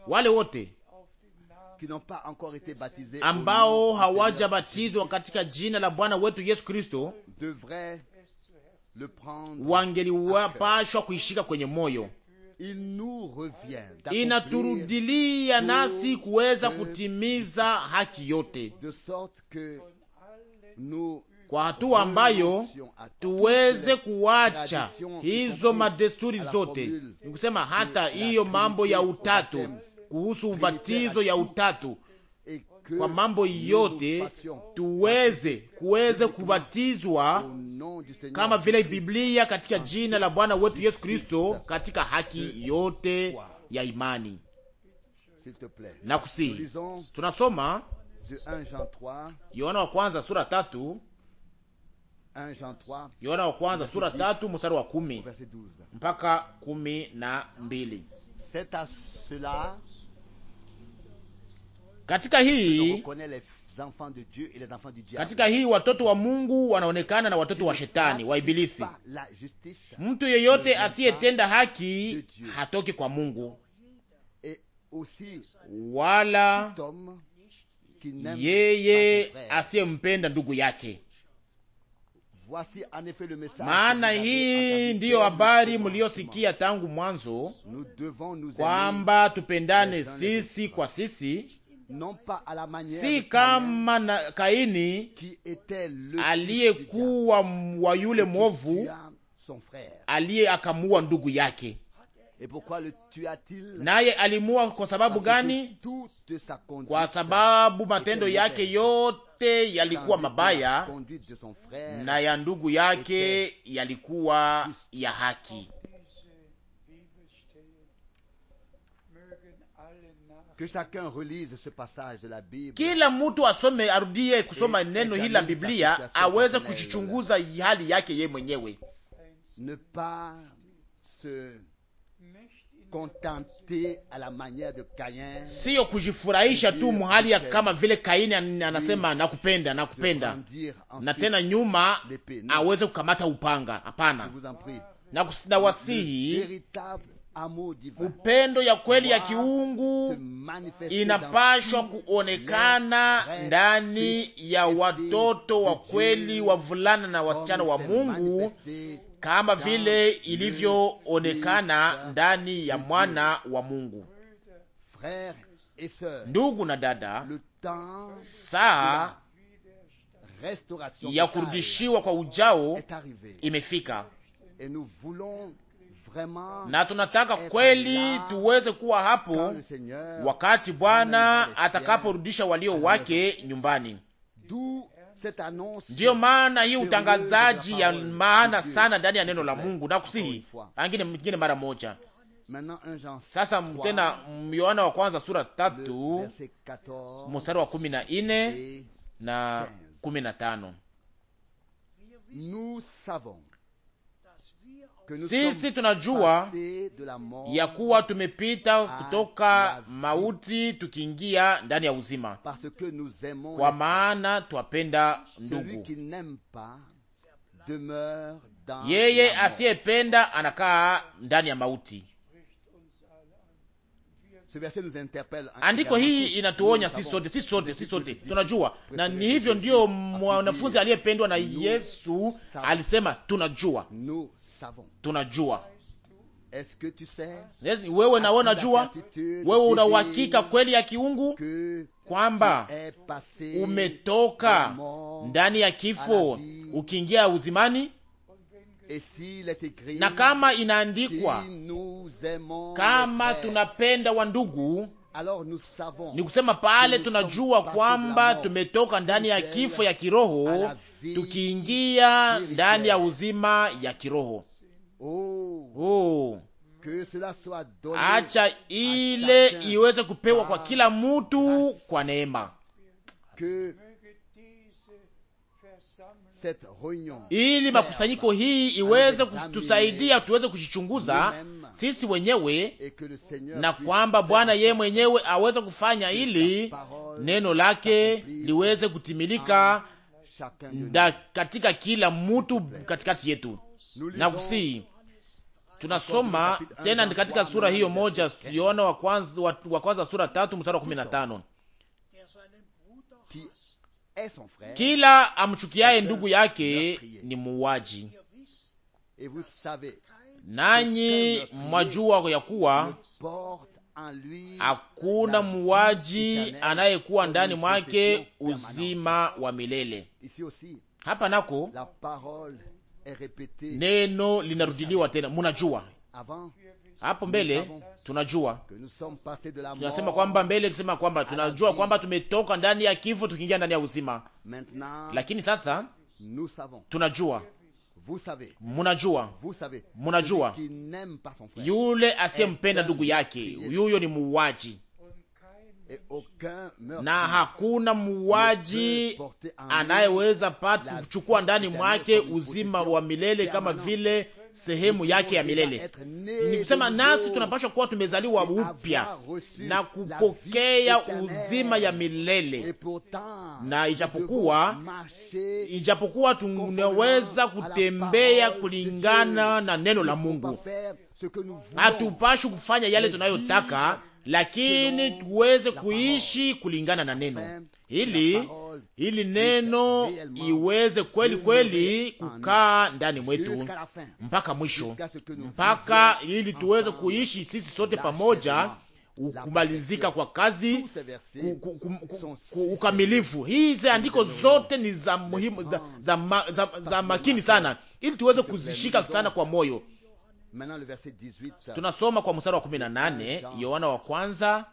wale wote ambao hawajabatizwa katika jina la Bwana wetu Yesu Kristo wangeliwapashwa kuishika kwenye moyo. Inaturudilia nasi kuweza kutimiza haki yote kwa hatua ambayo tuweze kuwacha hizo madesturi zote, nikusema hata hiyo mambo ya utatu kuhusu ubatizo ya utatu kwa mambo yote tuweze kuweze kubatizwa kama vile Biblia katika jina la Bwana wetu Yesu Kristo katika haki yote ya imani. Na kusii tunasoma Yohana wa kwanza sura tatu Yohana wa kwanza sura tatu mstari wa kumi mpaka kumi na mbili. Katika hii katika hii watoto wa Mungu wanaonekana na watoto wa shetani wa Ibilisi. Mtu yeyote asiyetenda haki hatoki kwa Mungu, wala yeye asiyempenda ndugu yake. Maana hii ndiyo habari mliyosikia tangu mwanzo, kwamba tupendane sisi kwa sisi, si kama na Kaini aliyekuwa wa yule mwovu aliye akamua ndugu yake. Naye alimua kwa sababu gani? Kwa sababu matendo yake yote yalikuwa mabaya na ya ndugu yake yalikuwa ya haki. Kila mtu asome, arudie kusoma neno hili la Biblia, aweze kujichunguza hali yake ye mwenyewe sio kujifurahisha tu muhali ya kama vile Kaini anasema nakupenda, nakupenda, na tena nyuma aweze kukamata upanga. Hapana, na wasihi upendo ya kweli ya kiungu inapashwa kuonekana ndani ya watoto wa kweli, wavulana na wasichana wa Mungu, kama vile ilivyoonekana ndani ya mwana wa Mungu. Ndugu na dada, saa ya kurudishiwa kwa ujao imefika na tunataka kweli tuweze kuwa hapo wakati Bwana atakaporudisha walio wake nyumbani. Ndiyo maana hii utangazaji ya maana sana ndani ya neno la Mungu na kusihi angine mingine mara moja sasa tena Yohana wa kwanza sura tatu mstari wa kumi na nne na kumi na tano sisi tunajua ya kuwa tumepita kutoka mauti tukiingia ndani ya uzima, kwa maana twapenda ndugu. Yeye asiyependa anakaa ndani ya mauti. Andiko hii inatuonya sisi sote, sisi sote, sisi sote tunajua, na ni hivyo ndiyo mwanafunzi aliyependwa na Yesu alisema, tunajua, tunajua. Yes, wewe nawe unajua, wewe una uhakika kweli ya kiungu kwamba umetoka ndani ya kifo ukiingia uzimani na kama inaandikwa kama tunapenda wandugu, ni kusema pale tunajua kwamba tumetoka ndani ya kifo ya kiroho tukiingia ndani ya uzima ya kiroho. Oh, oh. Acha ile iweze kupewa kwa kila mtu kwa neema ili makusanyiko hii iweze kutusaidia tuweze kujichunguza sisi wenyewe, na kwamba Bwana yeye mwenyewe aweze kufanya ili neno lake liweze kutimilika da katika kila mtu katikati yetu. Na kusi tunasoma tena katika sura hiyo moja tuliona wa kwanza, wa kwanza sura tatu mstari wa kumi na tano kila amchukiaye ndugu yake ni muuaji, nanyi mwajua ya kuwa hakuna muuaji anayekuwa ndani mwake uzima wa milele. Hapa nako neno linarudiliwa tena, munajua hapo mbele tunajua, tunasema kwamba mbele tunasema kwamba tunajua kwamba tumetoka ndani ya kifo tukiingia ndani ya uzima. Lakini sasa tunajua munajua munajua, yule asiyempenda ndugu yake yuyo ni muuaji, na hakuna muuaji anayeweza kuchukua ndani mwake uzima wa milele kama vile sehemu yake ya milele. Ni kusema nasi tunapaswa kuwa tumezaliwa upya na kupokea uzima ya milele, na ijapokuwa ijapokuwa tunaweza kutembea kulingana na neno la Mungu, hatupashi kufanya yale tunayotaka lakini tuweze kuishi kulingana na neno ili ili neno iweze kweli kweli kukaa ndani mwetu mpaka mwisho, mpaka ili tuweze kuishi sisi sote pamoja, kumalizika kwa kazi ukamilifu. Hizi andiko zote ni za muhimu za, za, za, za, za makini sana, ili tuweze kuzishika sana kwa moyo Tunasoma kwa mstari wa 18 Yohana wa kwanza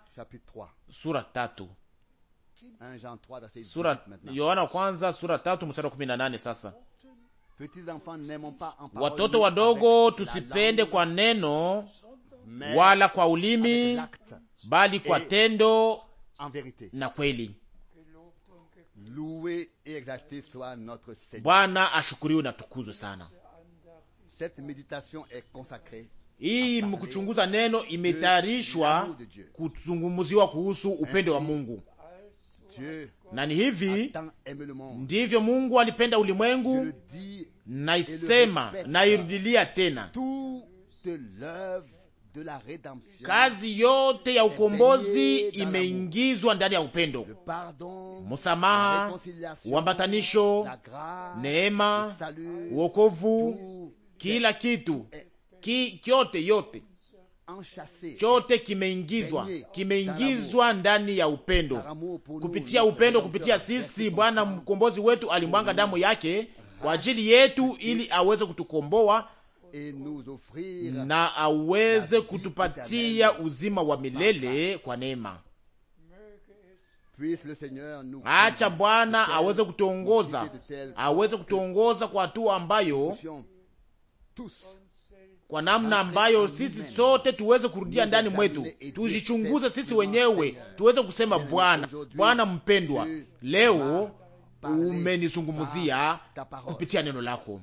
sura tatu. Sura Yohana wa kwanza sura tatu mstari wa 18. Sasa watoto wadogo, tusipende kwa neno wala kwa ulimi, bali kwa tendo na kweli. Bwana ashukuriwe na tukuzwe sana. Hii mkuchunguza neno imetayarishwa kuzungumziwa kuhusu upendo wa Mungu, na ni hivi ndivyo Mungu alipenda ulimwengu. Naisema, nairudilia tena, kazi yote ya ukombozi imeingizwa ndani ya upendo: msamaha, uambatanisho, neema, wokovu kila kitu eh, eh. ki, kyote yote chote kimeingizwa kimeingizwa ndani ya upendo, kupitia upendo, kupitia sisi. Bwana mkombozi wetu alimwanga mm. damu yake ah. kwa ajili yetu, ili aweze kutukomboa e na aweze kutupatia uzima wa milele kwa neema. Acha Bwana aweze kutuongoza, aweze kutuongoza kwa hatua ambayo kwa namna ambayo sisi sote tuweze kurudia ndani mwetu, tujichunguze sisi wenyewe, tuweze kusema Bwana, Bwana mpendwa, leo umenizungumzia kupitia neno lako.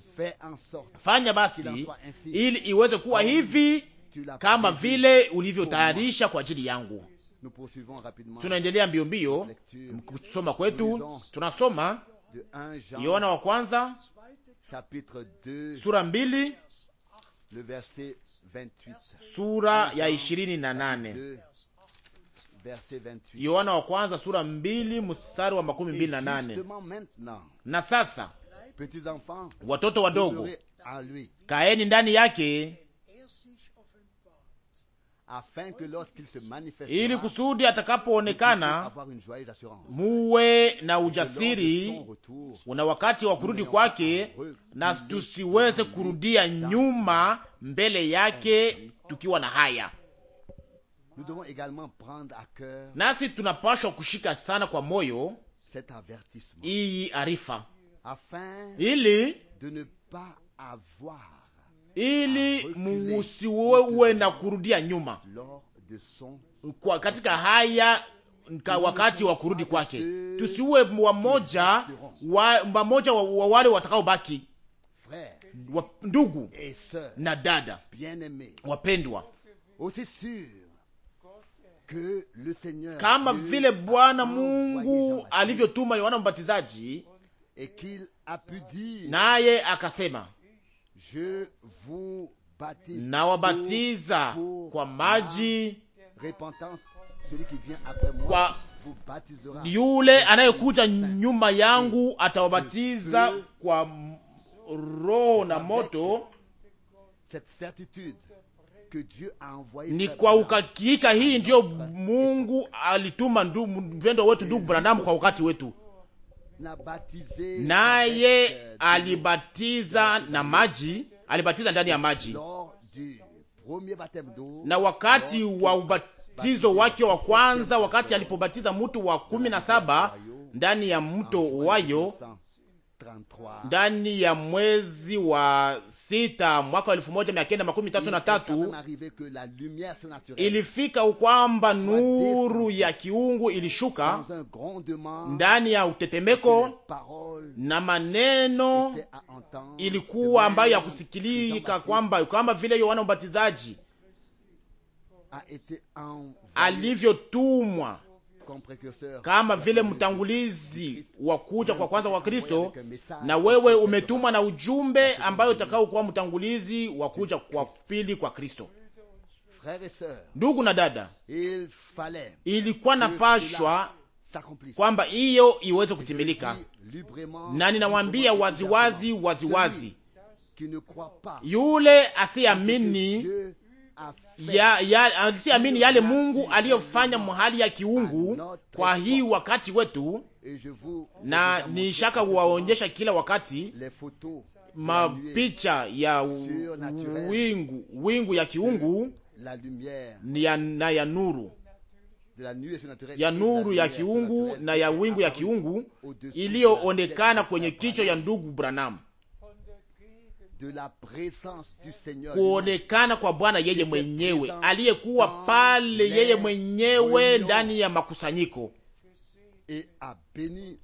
Fanya basi ili iweze kuwa hivi kama vile ulivyotayarisha kwa ajili yangu. Tunaendelea mbio mbio kusoma kwetu, tunasoma Yohana wa kwanza chapitre 2 sura mbili le verset 28, sura ya ishirini na nane Yohana wa kwanza sura mbili mstari wa makumi mbili na nane Na sasa watoto wadogo, kaeni ndani yake ili kusudi atakapoonekana muwe na ujasiri una wakati wa kurudi kwake, na tusiweze kurudia nyuma mbele yake tukiwa na haya. Nasi tunapashwa kushika sana kwa moyo iyi arifa ili ili ah, musiwe na kurudia nyuma kwa katika haya ka wakati wa kurudi kwake, tusiuwe wamoja wa, wamoja wa, wa wale watakaobaki wa, ndugu na dada wapendwa, kama vile Bwana Mungu alivyotuma Yohana Mbatizaji naye akasema nawabatiza kwa maji kwa yule anayekuja nyuma yangu atawabatiza kwa roho na moto. Ni kwa ukakika hii ndiyo Mungu alituma mpendo wetu ndugu Brandamu kwa wakati wetu, naye alibatiza na maji, alibatiza ndani ya maji, na wakati wa ubatizo wake wa kwanza, wakati alipobatiza mtu wa kumi na saba ndani ya mto Wayo ndani ya mwezi wa sita mwaka elfu moja mia kenda makumi tatu na tatu ilifika kwamba nuru ya kiungu ilishuka ndani ya utetemeko, na maneno ilikuwa ambayo ya kusikilika kwamba kama vile Yohana Mbatizaji alivyotumwa kama vile mtangulizi wa kuja kwa kwanza kwa Kristo, na wewe umetumwa na ujumbe ambayo utakao kuwa mtangulizi wa kuja kwa pili kwa Kristo. Ndugu na dada, ilikuwa napashwa kwamba hiyo iweze kutimilika, na ninawambia waziwazi waziwazi, yule asiamini ya, ya, si amini yale Mungu aliyofanya mahali ya kiungu kwa hii wakati wetu, na ni shaka waonyesha kila wakati mapicha ya wingu wingu ya kiungu ni ya, na ya nuru ya nuru ya kiungu na ya wingu ya kiungu iliyoonekana kwenye kichwa ya ndugu Branham kuonekana kwa Bwana yeye mwenyewe aliyekuwa pale yeye mwenyewe ndani ya makusanyiko,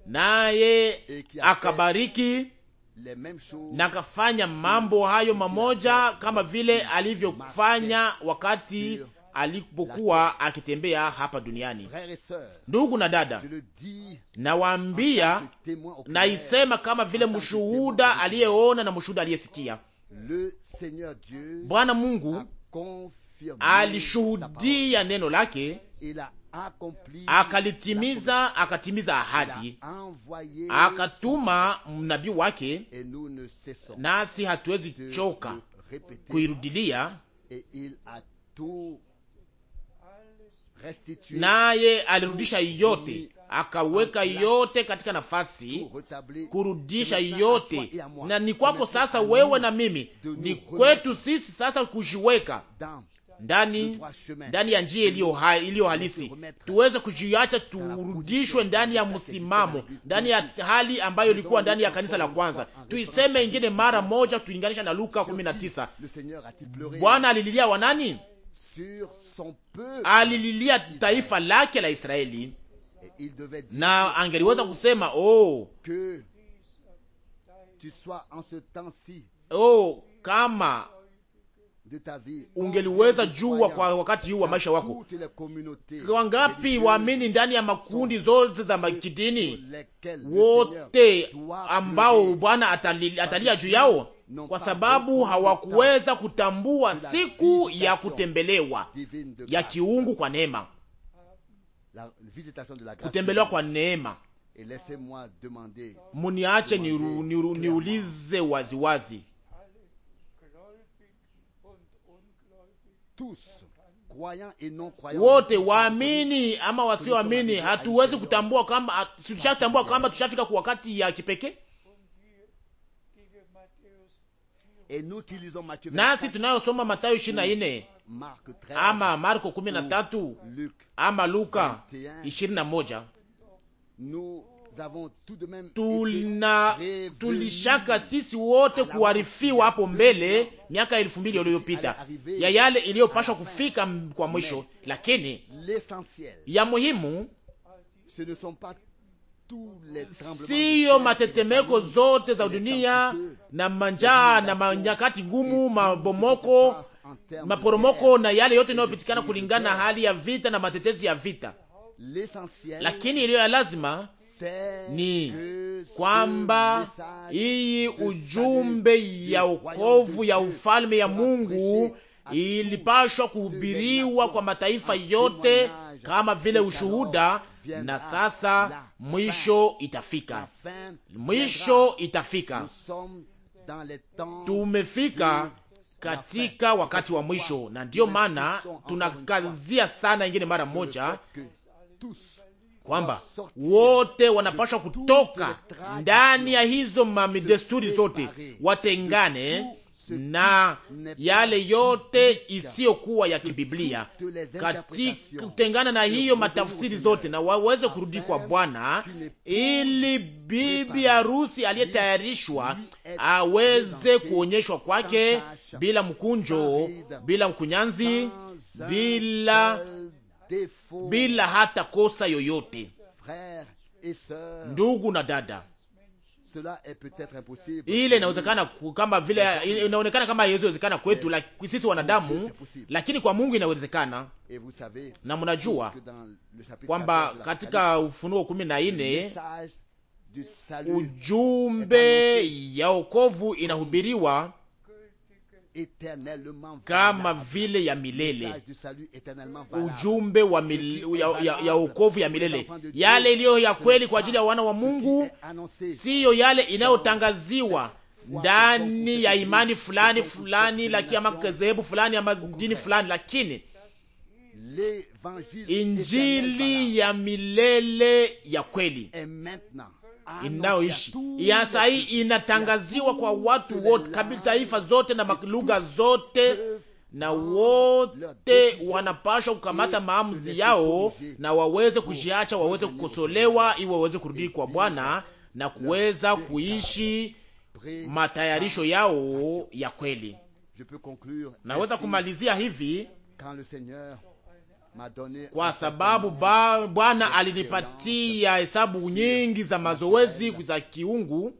naye akabariki na akafanya mambo hayo mamoja kama vile alivyofanya wakati alipokuwa akitembea hapa duniani. Ndugu na dada, nawaambia, naisema kama vile mshuhuda aliyeona na mshuhuda aliyesikia. Bwana Mungu alishuhudia neno lake akalitimiza, akatimiza ahadi, akatuma mnabii wake, nasi hatuwezi choka kuirudilia naye alirudisha yote, akaweka yote katika nafasi, kurudisha yote. Na ni kwako sasa, wewe na mimi, ni kwetu sisi sasa kujiweka ndani ndani ya njia iliyo halisi, tuweze kujiacha, turudishwe ndani ya msimamo, ndani ya hali ambayo ilikuwa ndani ya kanisa la kwanza. Tuiseme ingine mara moja, tulinganisha na Luka 19. Bwana alililia wanani alililia taifa lake la Israeli, na angeliweza kusema oh, oh kama ungeliweza jua kwa wakati huu wa maisha wako, wangapi waamini ndani ya makundi zote za makidini, wote ambao Bwana atalia juu yao kwa sababu hawakuweza kutambua siku ya kutembelewa ya kiungu kwa neema, kutembelewa kwa neema. Muniache niulize ni, niulize waziwazi wote waamini ama wasioamini, hatuwezi kutambua kama tushatambua kwamba tushafika kwa wakati ya kipekee nasi tunayosoma Matayo ishirini na ama Marko kumi na tatu ama Luka ishirini na moja Tuna tulishaka sisi wote kuarifiwa hapo mbele miaka elfu mbili iliyopita ya yale iliyopashwa kufika kwa mwisho, lakini ya muhimu siyo matetemeko zote za dunia na manjaa na manyakati ngumu, mabomoko, maporomoko na yale yote yanayopitikana kulingana na hali ya vita na matetezi ya vita, lakini iliyo ya lazima ni kwamba hii ujumbe ya wokovu ya ufalme ya Mungu ilipashwa kuhubiriwa kwa mataifa yote kama vile ushuhuda na sasa mwisho itafika, mwisho itafika. Tumefika katika wakati wa mwisho, na ndiyo maana tunakazia sana ingine mara moja kwamba wote wanapashwa kutoka ndani ya hizo mamidesturi zote, watengane na yale yote isiyokuwa ya kibiblia, katika kutengana na hiyo matafsiri zote, na waweze kurudi kwa Bwana ili bibi harusi aliyetayarishwa aweze kuonyeshwa kwake bila mkunjo, bila mkunyanzi, bila bila hata kosa yoyote. Ndugu na dada ile inawezekana kama vile inaonekana kama haiwezekana kwetu la, sisi wanadamu, lakini kwa Mungu inawezekana. Na mnajua kwamba katika Ufunuo kumi na nne ujumbe ya wokovu inahubiriwa kama vile ya milele, ujumbe wa mil, ya, ya, ya ya milele, yale iliyo ya kweli kwa ajili ya wana wa Mungu, siyo yale inayotangaziwa ndani ya imani fulani fulani lakini ama madhehebu fulani ama dini fulani, lakini injili ya milele ya kweli Ah, inayoishi ya saa hii inatangaziwa kwa watu wote, kabila, taifa zote na lugha zote, na ah, wote wanapashwa kukamata eh, maamuzi yao na waweze oh, kujiacha, waweze kukosolewa, ili waweze kurudi eh, kwa Bwana na kuweza kuishi matayarisho yao ya kweli. Naweza kumalizia hivi kwa sababu Bwana alinipatia hesabu nyingi za mazoezi za kiungu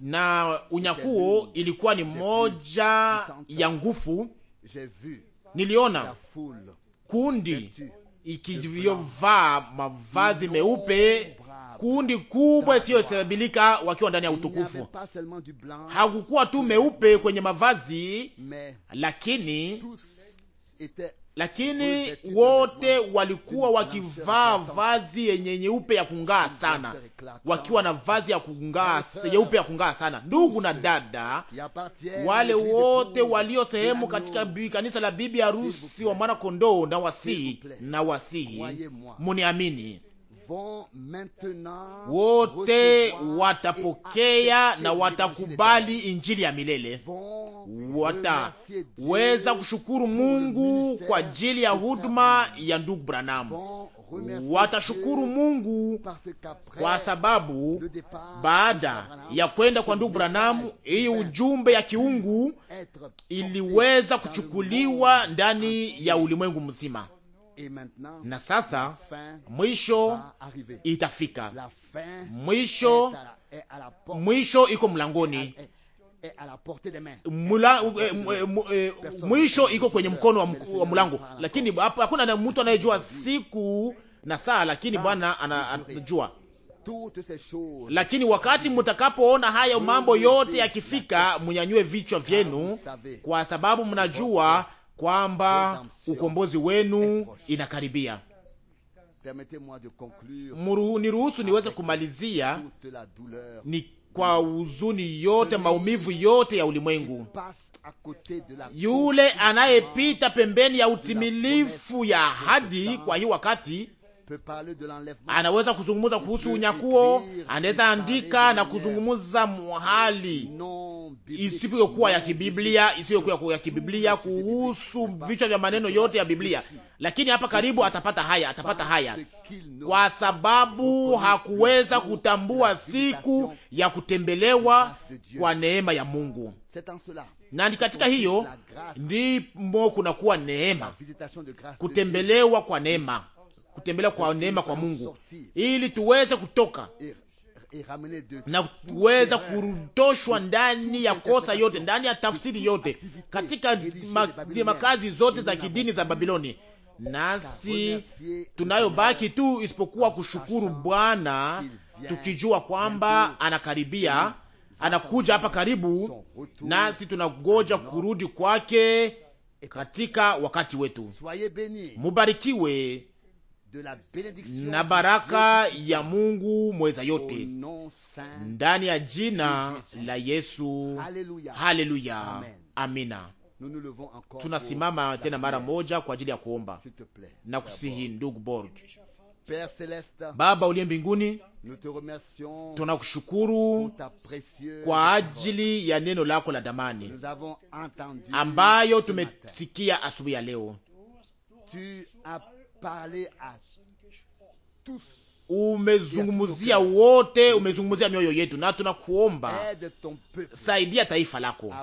na unyakuo ilikuwa ni moja ya nguvu. Niliona kundi ikivyovaa mavazi meupe, kundi kubwa isiyosababilika wakiwa ndani ya utukufu. Hakukuwa tu meupe kwenye mavazi, lakini lakini wote walikuwa wakivaa vazi yenye nyeupe ya kung'aa sana, wakiwa na vazi ya kung'aa nyeupe ya kung'aa sana. Ndugu na dada, wale wote walio sehemu katika kanisa la bibi harusi wa mwana kondoo, na wasihi na wasihi, muniamini wote watapokea na watakubali injili ya milele, wataweza kushukuru Mungu kwa ajili ya huduma ya ndugu Branamu. Watashukuru Mungu kwa sababu baada ya kwenda kwa ndugu Branamu, hii ujumbe ya kiungu iliweza kuchukuliwa ndani ya ulimwengu mzima na sasa mwisho itafika, mwisho mwisho iko mlangoni, mwisho iko kwenye mkono wa mlango, lakini hakuna mtu anayejua siku na saa, lakini Bwana anajua lakini wakati mutakapoona haya mambo yote yakifika, mnyanyue vichwa vyenu, kwa sababu mnajua kwamba ukombozi wenu inakaribia. Niruhusu niweze kumalizia ni kwa huzuni yote, maumivu yote ya ulimwengu. Yule anayepita pembeni ya utimilifu ya ahadi, kwa hii wakati anaweza kuzungumuza kuhusu unyakuo, anaweza andika na kuzungumuza mwahali isipokuwa ya kibiblia, isiyokuwa ya kibiblia kuhusu vichwa vya maneno yote ya Biblia, lakini hapa karibu atapata haya, atapata haya, kwa sababu hakuweza kutambua siku ya kutembelewa kwa neema ya Mungu na ni katika hiyo ndimo kunakuwa neema, kutembelewa kwa neema kutembelea kwa neema kwa Mungu, ili tuweze kutoka na kuweza kurutoshwa ndani ya kosa yote, ndani ya tafsiri yote, katika makazi zote za kidini za Babiloni. Nasi tunayobaki tu isipokuwa kushukuru Bwana, tukijua kwamba anakaribia, anakuja hapa karibu, nasi tunagoja kurudi kwake katika wakati wetu. Mubarikiwe na baraka ya Mungu mweza yote ndani ya jina la Yesu. Haleluya, amina. Tunasimama tena mara moja kwa ajili ya kuomba na kusihi. Ndugu Borg, Baba uliye mbinguni, tunakushukuru kwa ajili ya neno lako la damani ambayo tumesikia asubuhi ya leo parlé à tous umezungumzia wote, umezungumzia mioyo yetu, na tunakuomba saidia taifa lako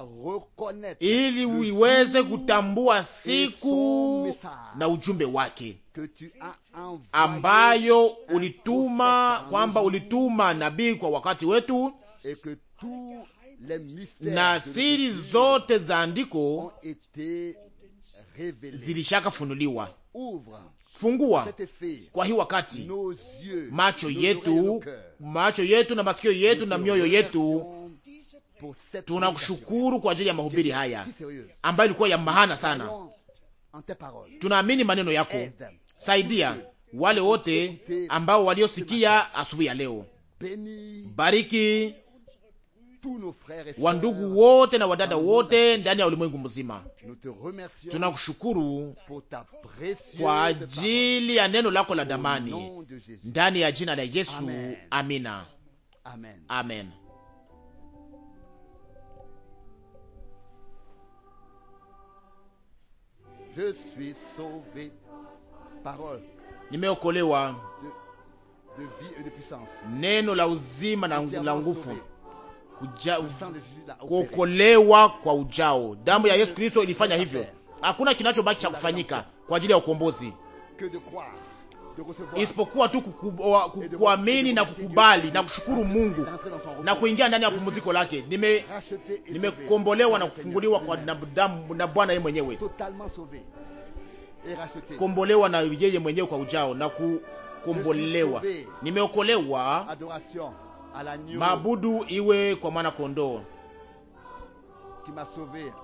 ili uiweze kutambua siku na ujumbe wake ambayo ulituma, kwamba ulituma nabii kwa wakati wetu, na siri zote za andiko zilishakafunuliwa Fungua kwa hii wakati macho yetu, macho yetu na masikio yetu na mioyo yetu. Tunakushukuru kwa ajili ya mahubiri haya ambayo ilikuwa ya mahana sana. Tunaamini maneno yako, saidia wale wote ambao waliosikia asubuhi ya leo, bariki wandugu wote na wadada wote ndani ya ulimwengu mzima. Tunakushukuru kwa ajili ya neno lako la damani ndani ya jina la Yesu. Amina. Amen. Amen. Je suis sauvé parole. Nimeokolewa neno la uzima na la nguvu kuokolewa kwa ujao. Damu ya Yesu Kristo ilifanya hivyo. Hakuna kinachobaki cha kufanyika kwa ajili ya ukombozi isipokuwa tu kuamini na kukubali na kushukuru Mungu na kuingia ndani ya pumziko lake. Nimekombolewa nime na kufunguliwa kwa na Bwana yeye mwenyewe, kombolewa na yeye mwenyewe kwa ujao na kukombolewa, nimeokolewa Mabudu iwe kwa mwana kondoo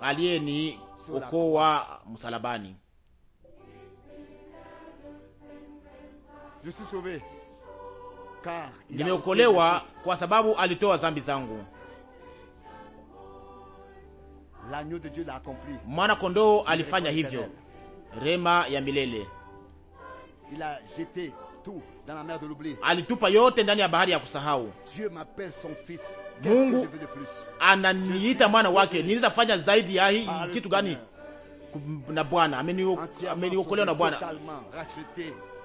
aliyeni okoa msalabani. Nimeokolewa kwa sababu alitoa zambi zangu. Mwana kondoo alifanya hivyo, rema ya milele alitupa yote ndani ya bahari ya kusahau. Mungu ananiita mwana wake, niliza fanya zaidi ya hii kitu gani? Na Bwana ameniokolewa, na Bwana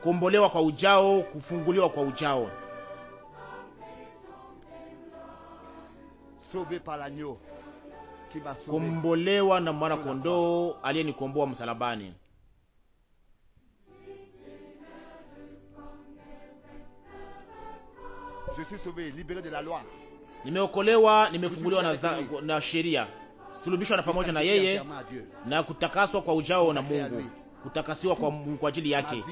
kuombolewa kwa ujao, kufunguliwa kwa ujao, kuombolewa na mwana kondoo aliyenikomboa msalabani. Nimeokolewa, nimefunguliwa na, na sheria, sulubishwa na pamoja na yeye na kutakaswa kwa ujao na Mungu, kutakasiwa kwa, kwa ajili yake.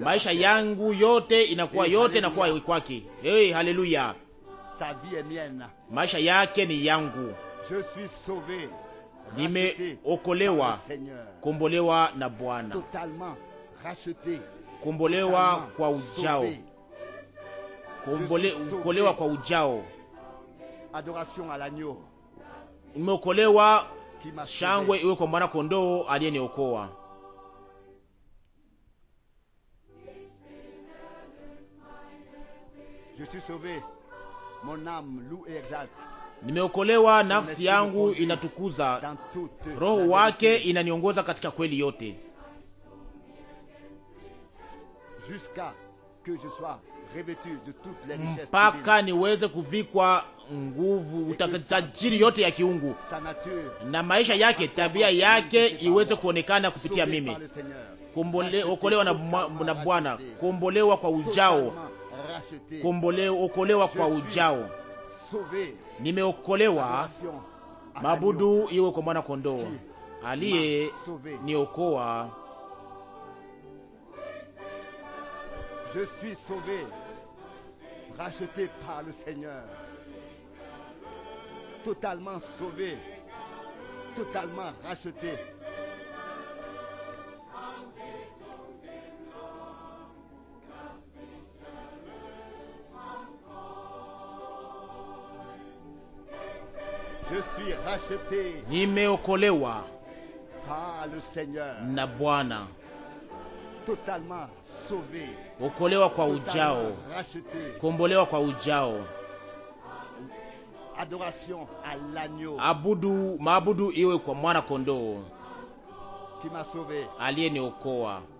Maisha yangu yote inakuwa eh, yote inakuwa kwake. Hey, haleluya! Maisha yake ni yangu, nimeokolewa, kombolewa na Bwana, kombolewa kwa ujao kuokolewa kwa ujao, nimeokolewa. Shangwe iwe kwa mwana kondoo aliyeniokoa. Nimeokolewa, nafsi yangu inatukuza Roho wake inaniongoza katika kweli yote mpaka niweze kuvikwa nguvu utajiri yote ya kiungu na maisha yake, tabia yake iweze kuonekana kupitia mimi. okolewa na, Bwana, kuombolewa kwa ujao, okolewa kwa ujao, nimeokolewa. Mabudu iwe kwa mwana kondoo aliye niokoa. Je suis sauvé, racheté par le Seigneur, totalement sauvé, totalement racheté. Je suis racheté. Nimeokolewa par le Seigneur. Nabuana, Totalement okolewa kwa ujao, kombolewa kwa ujao, adoration l'agneau, abudu maabudu iwe kwa mwana kondoo aliyeniokoa.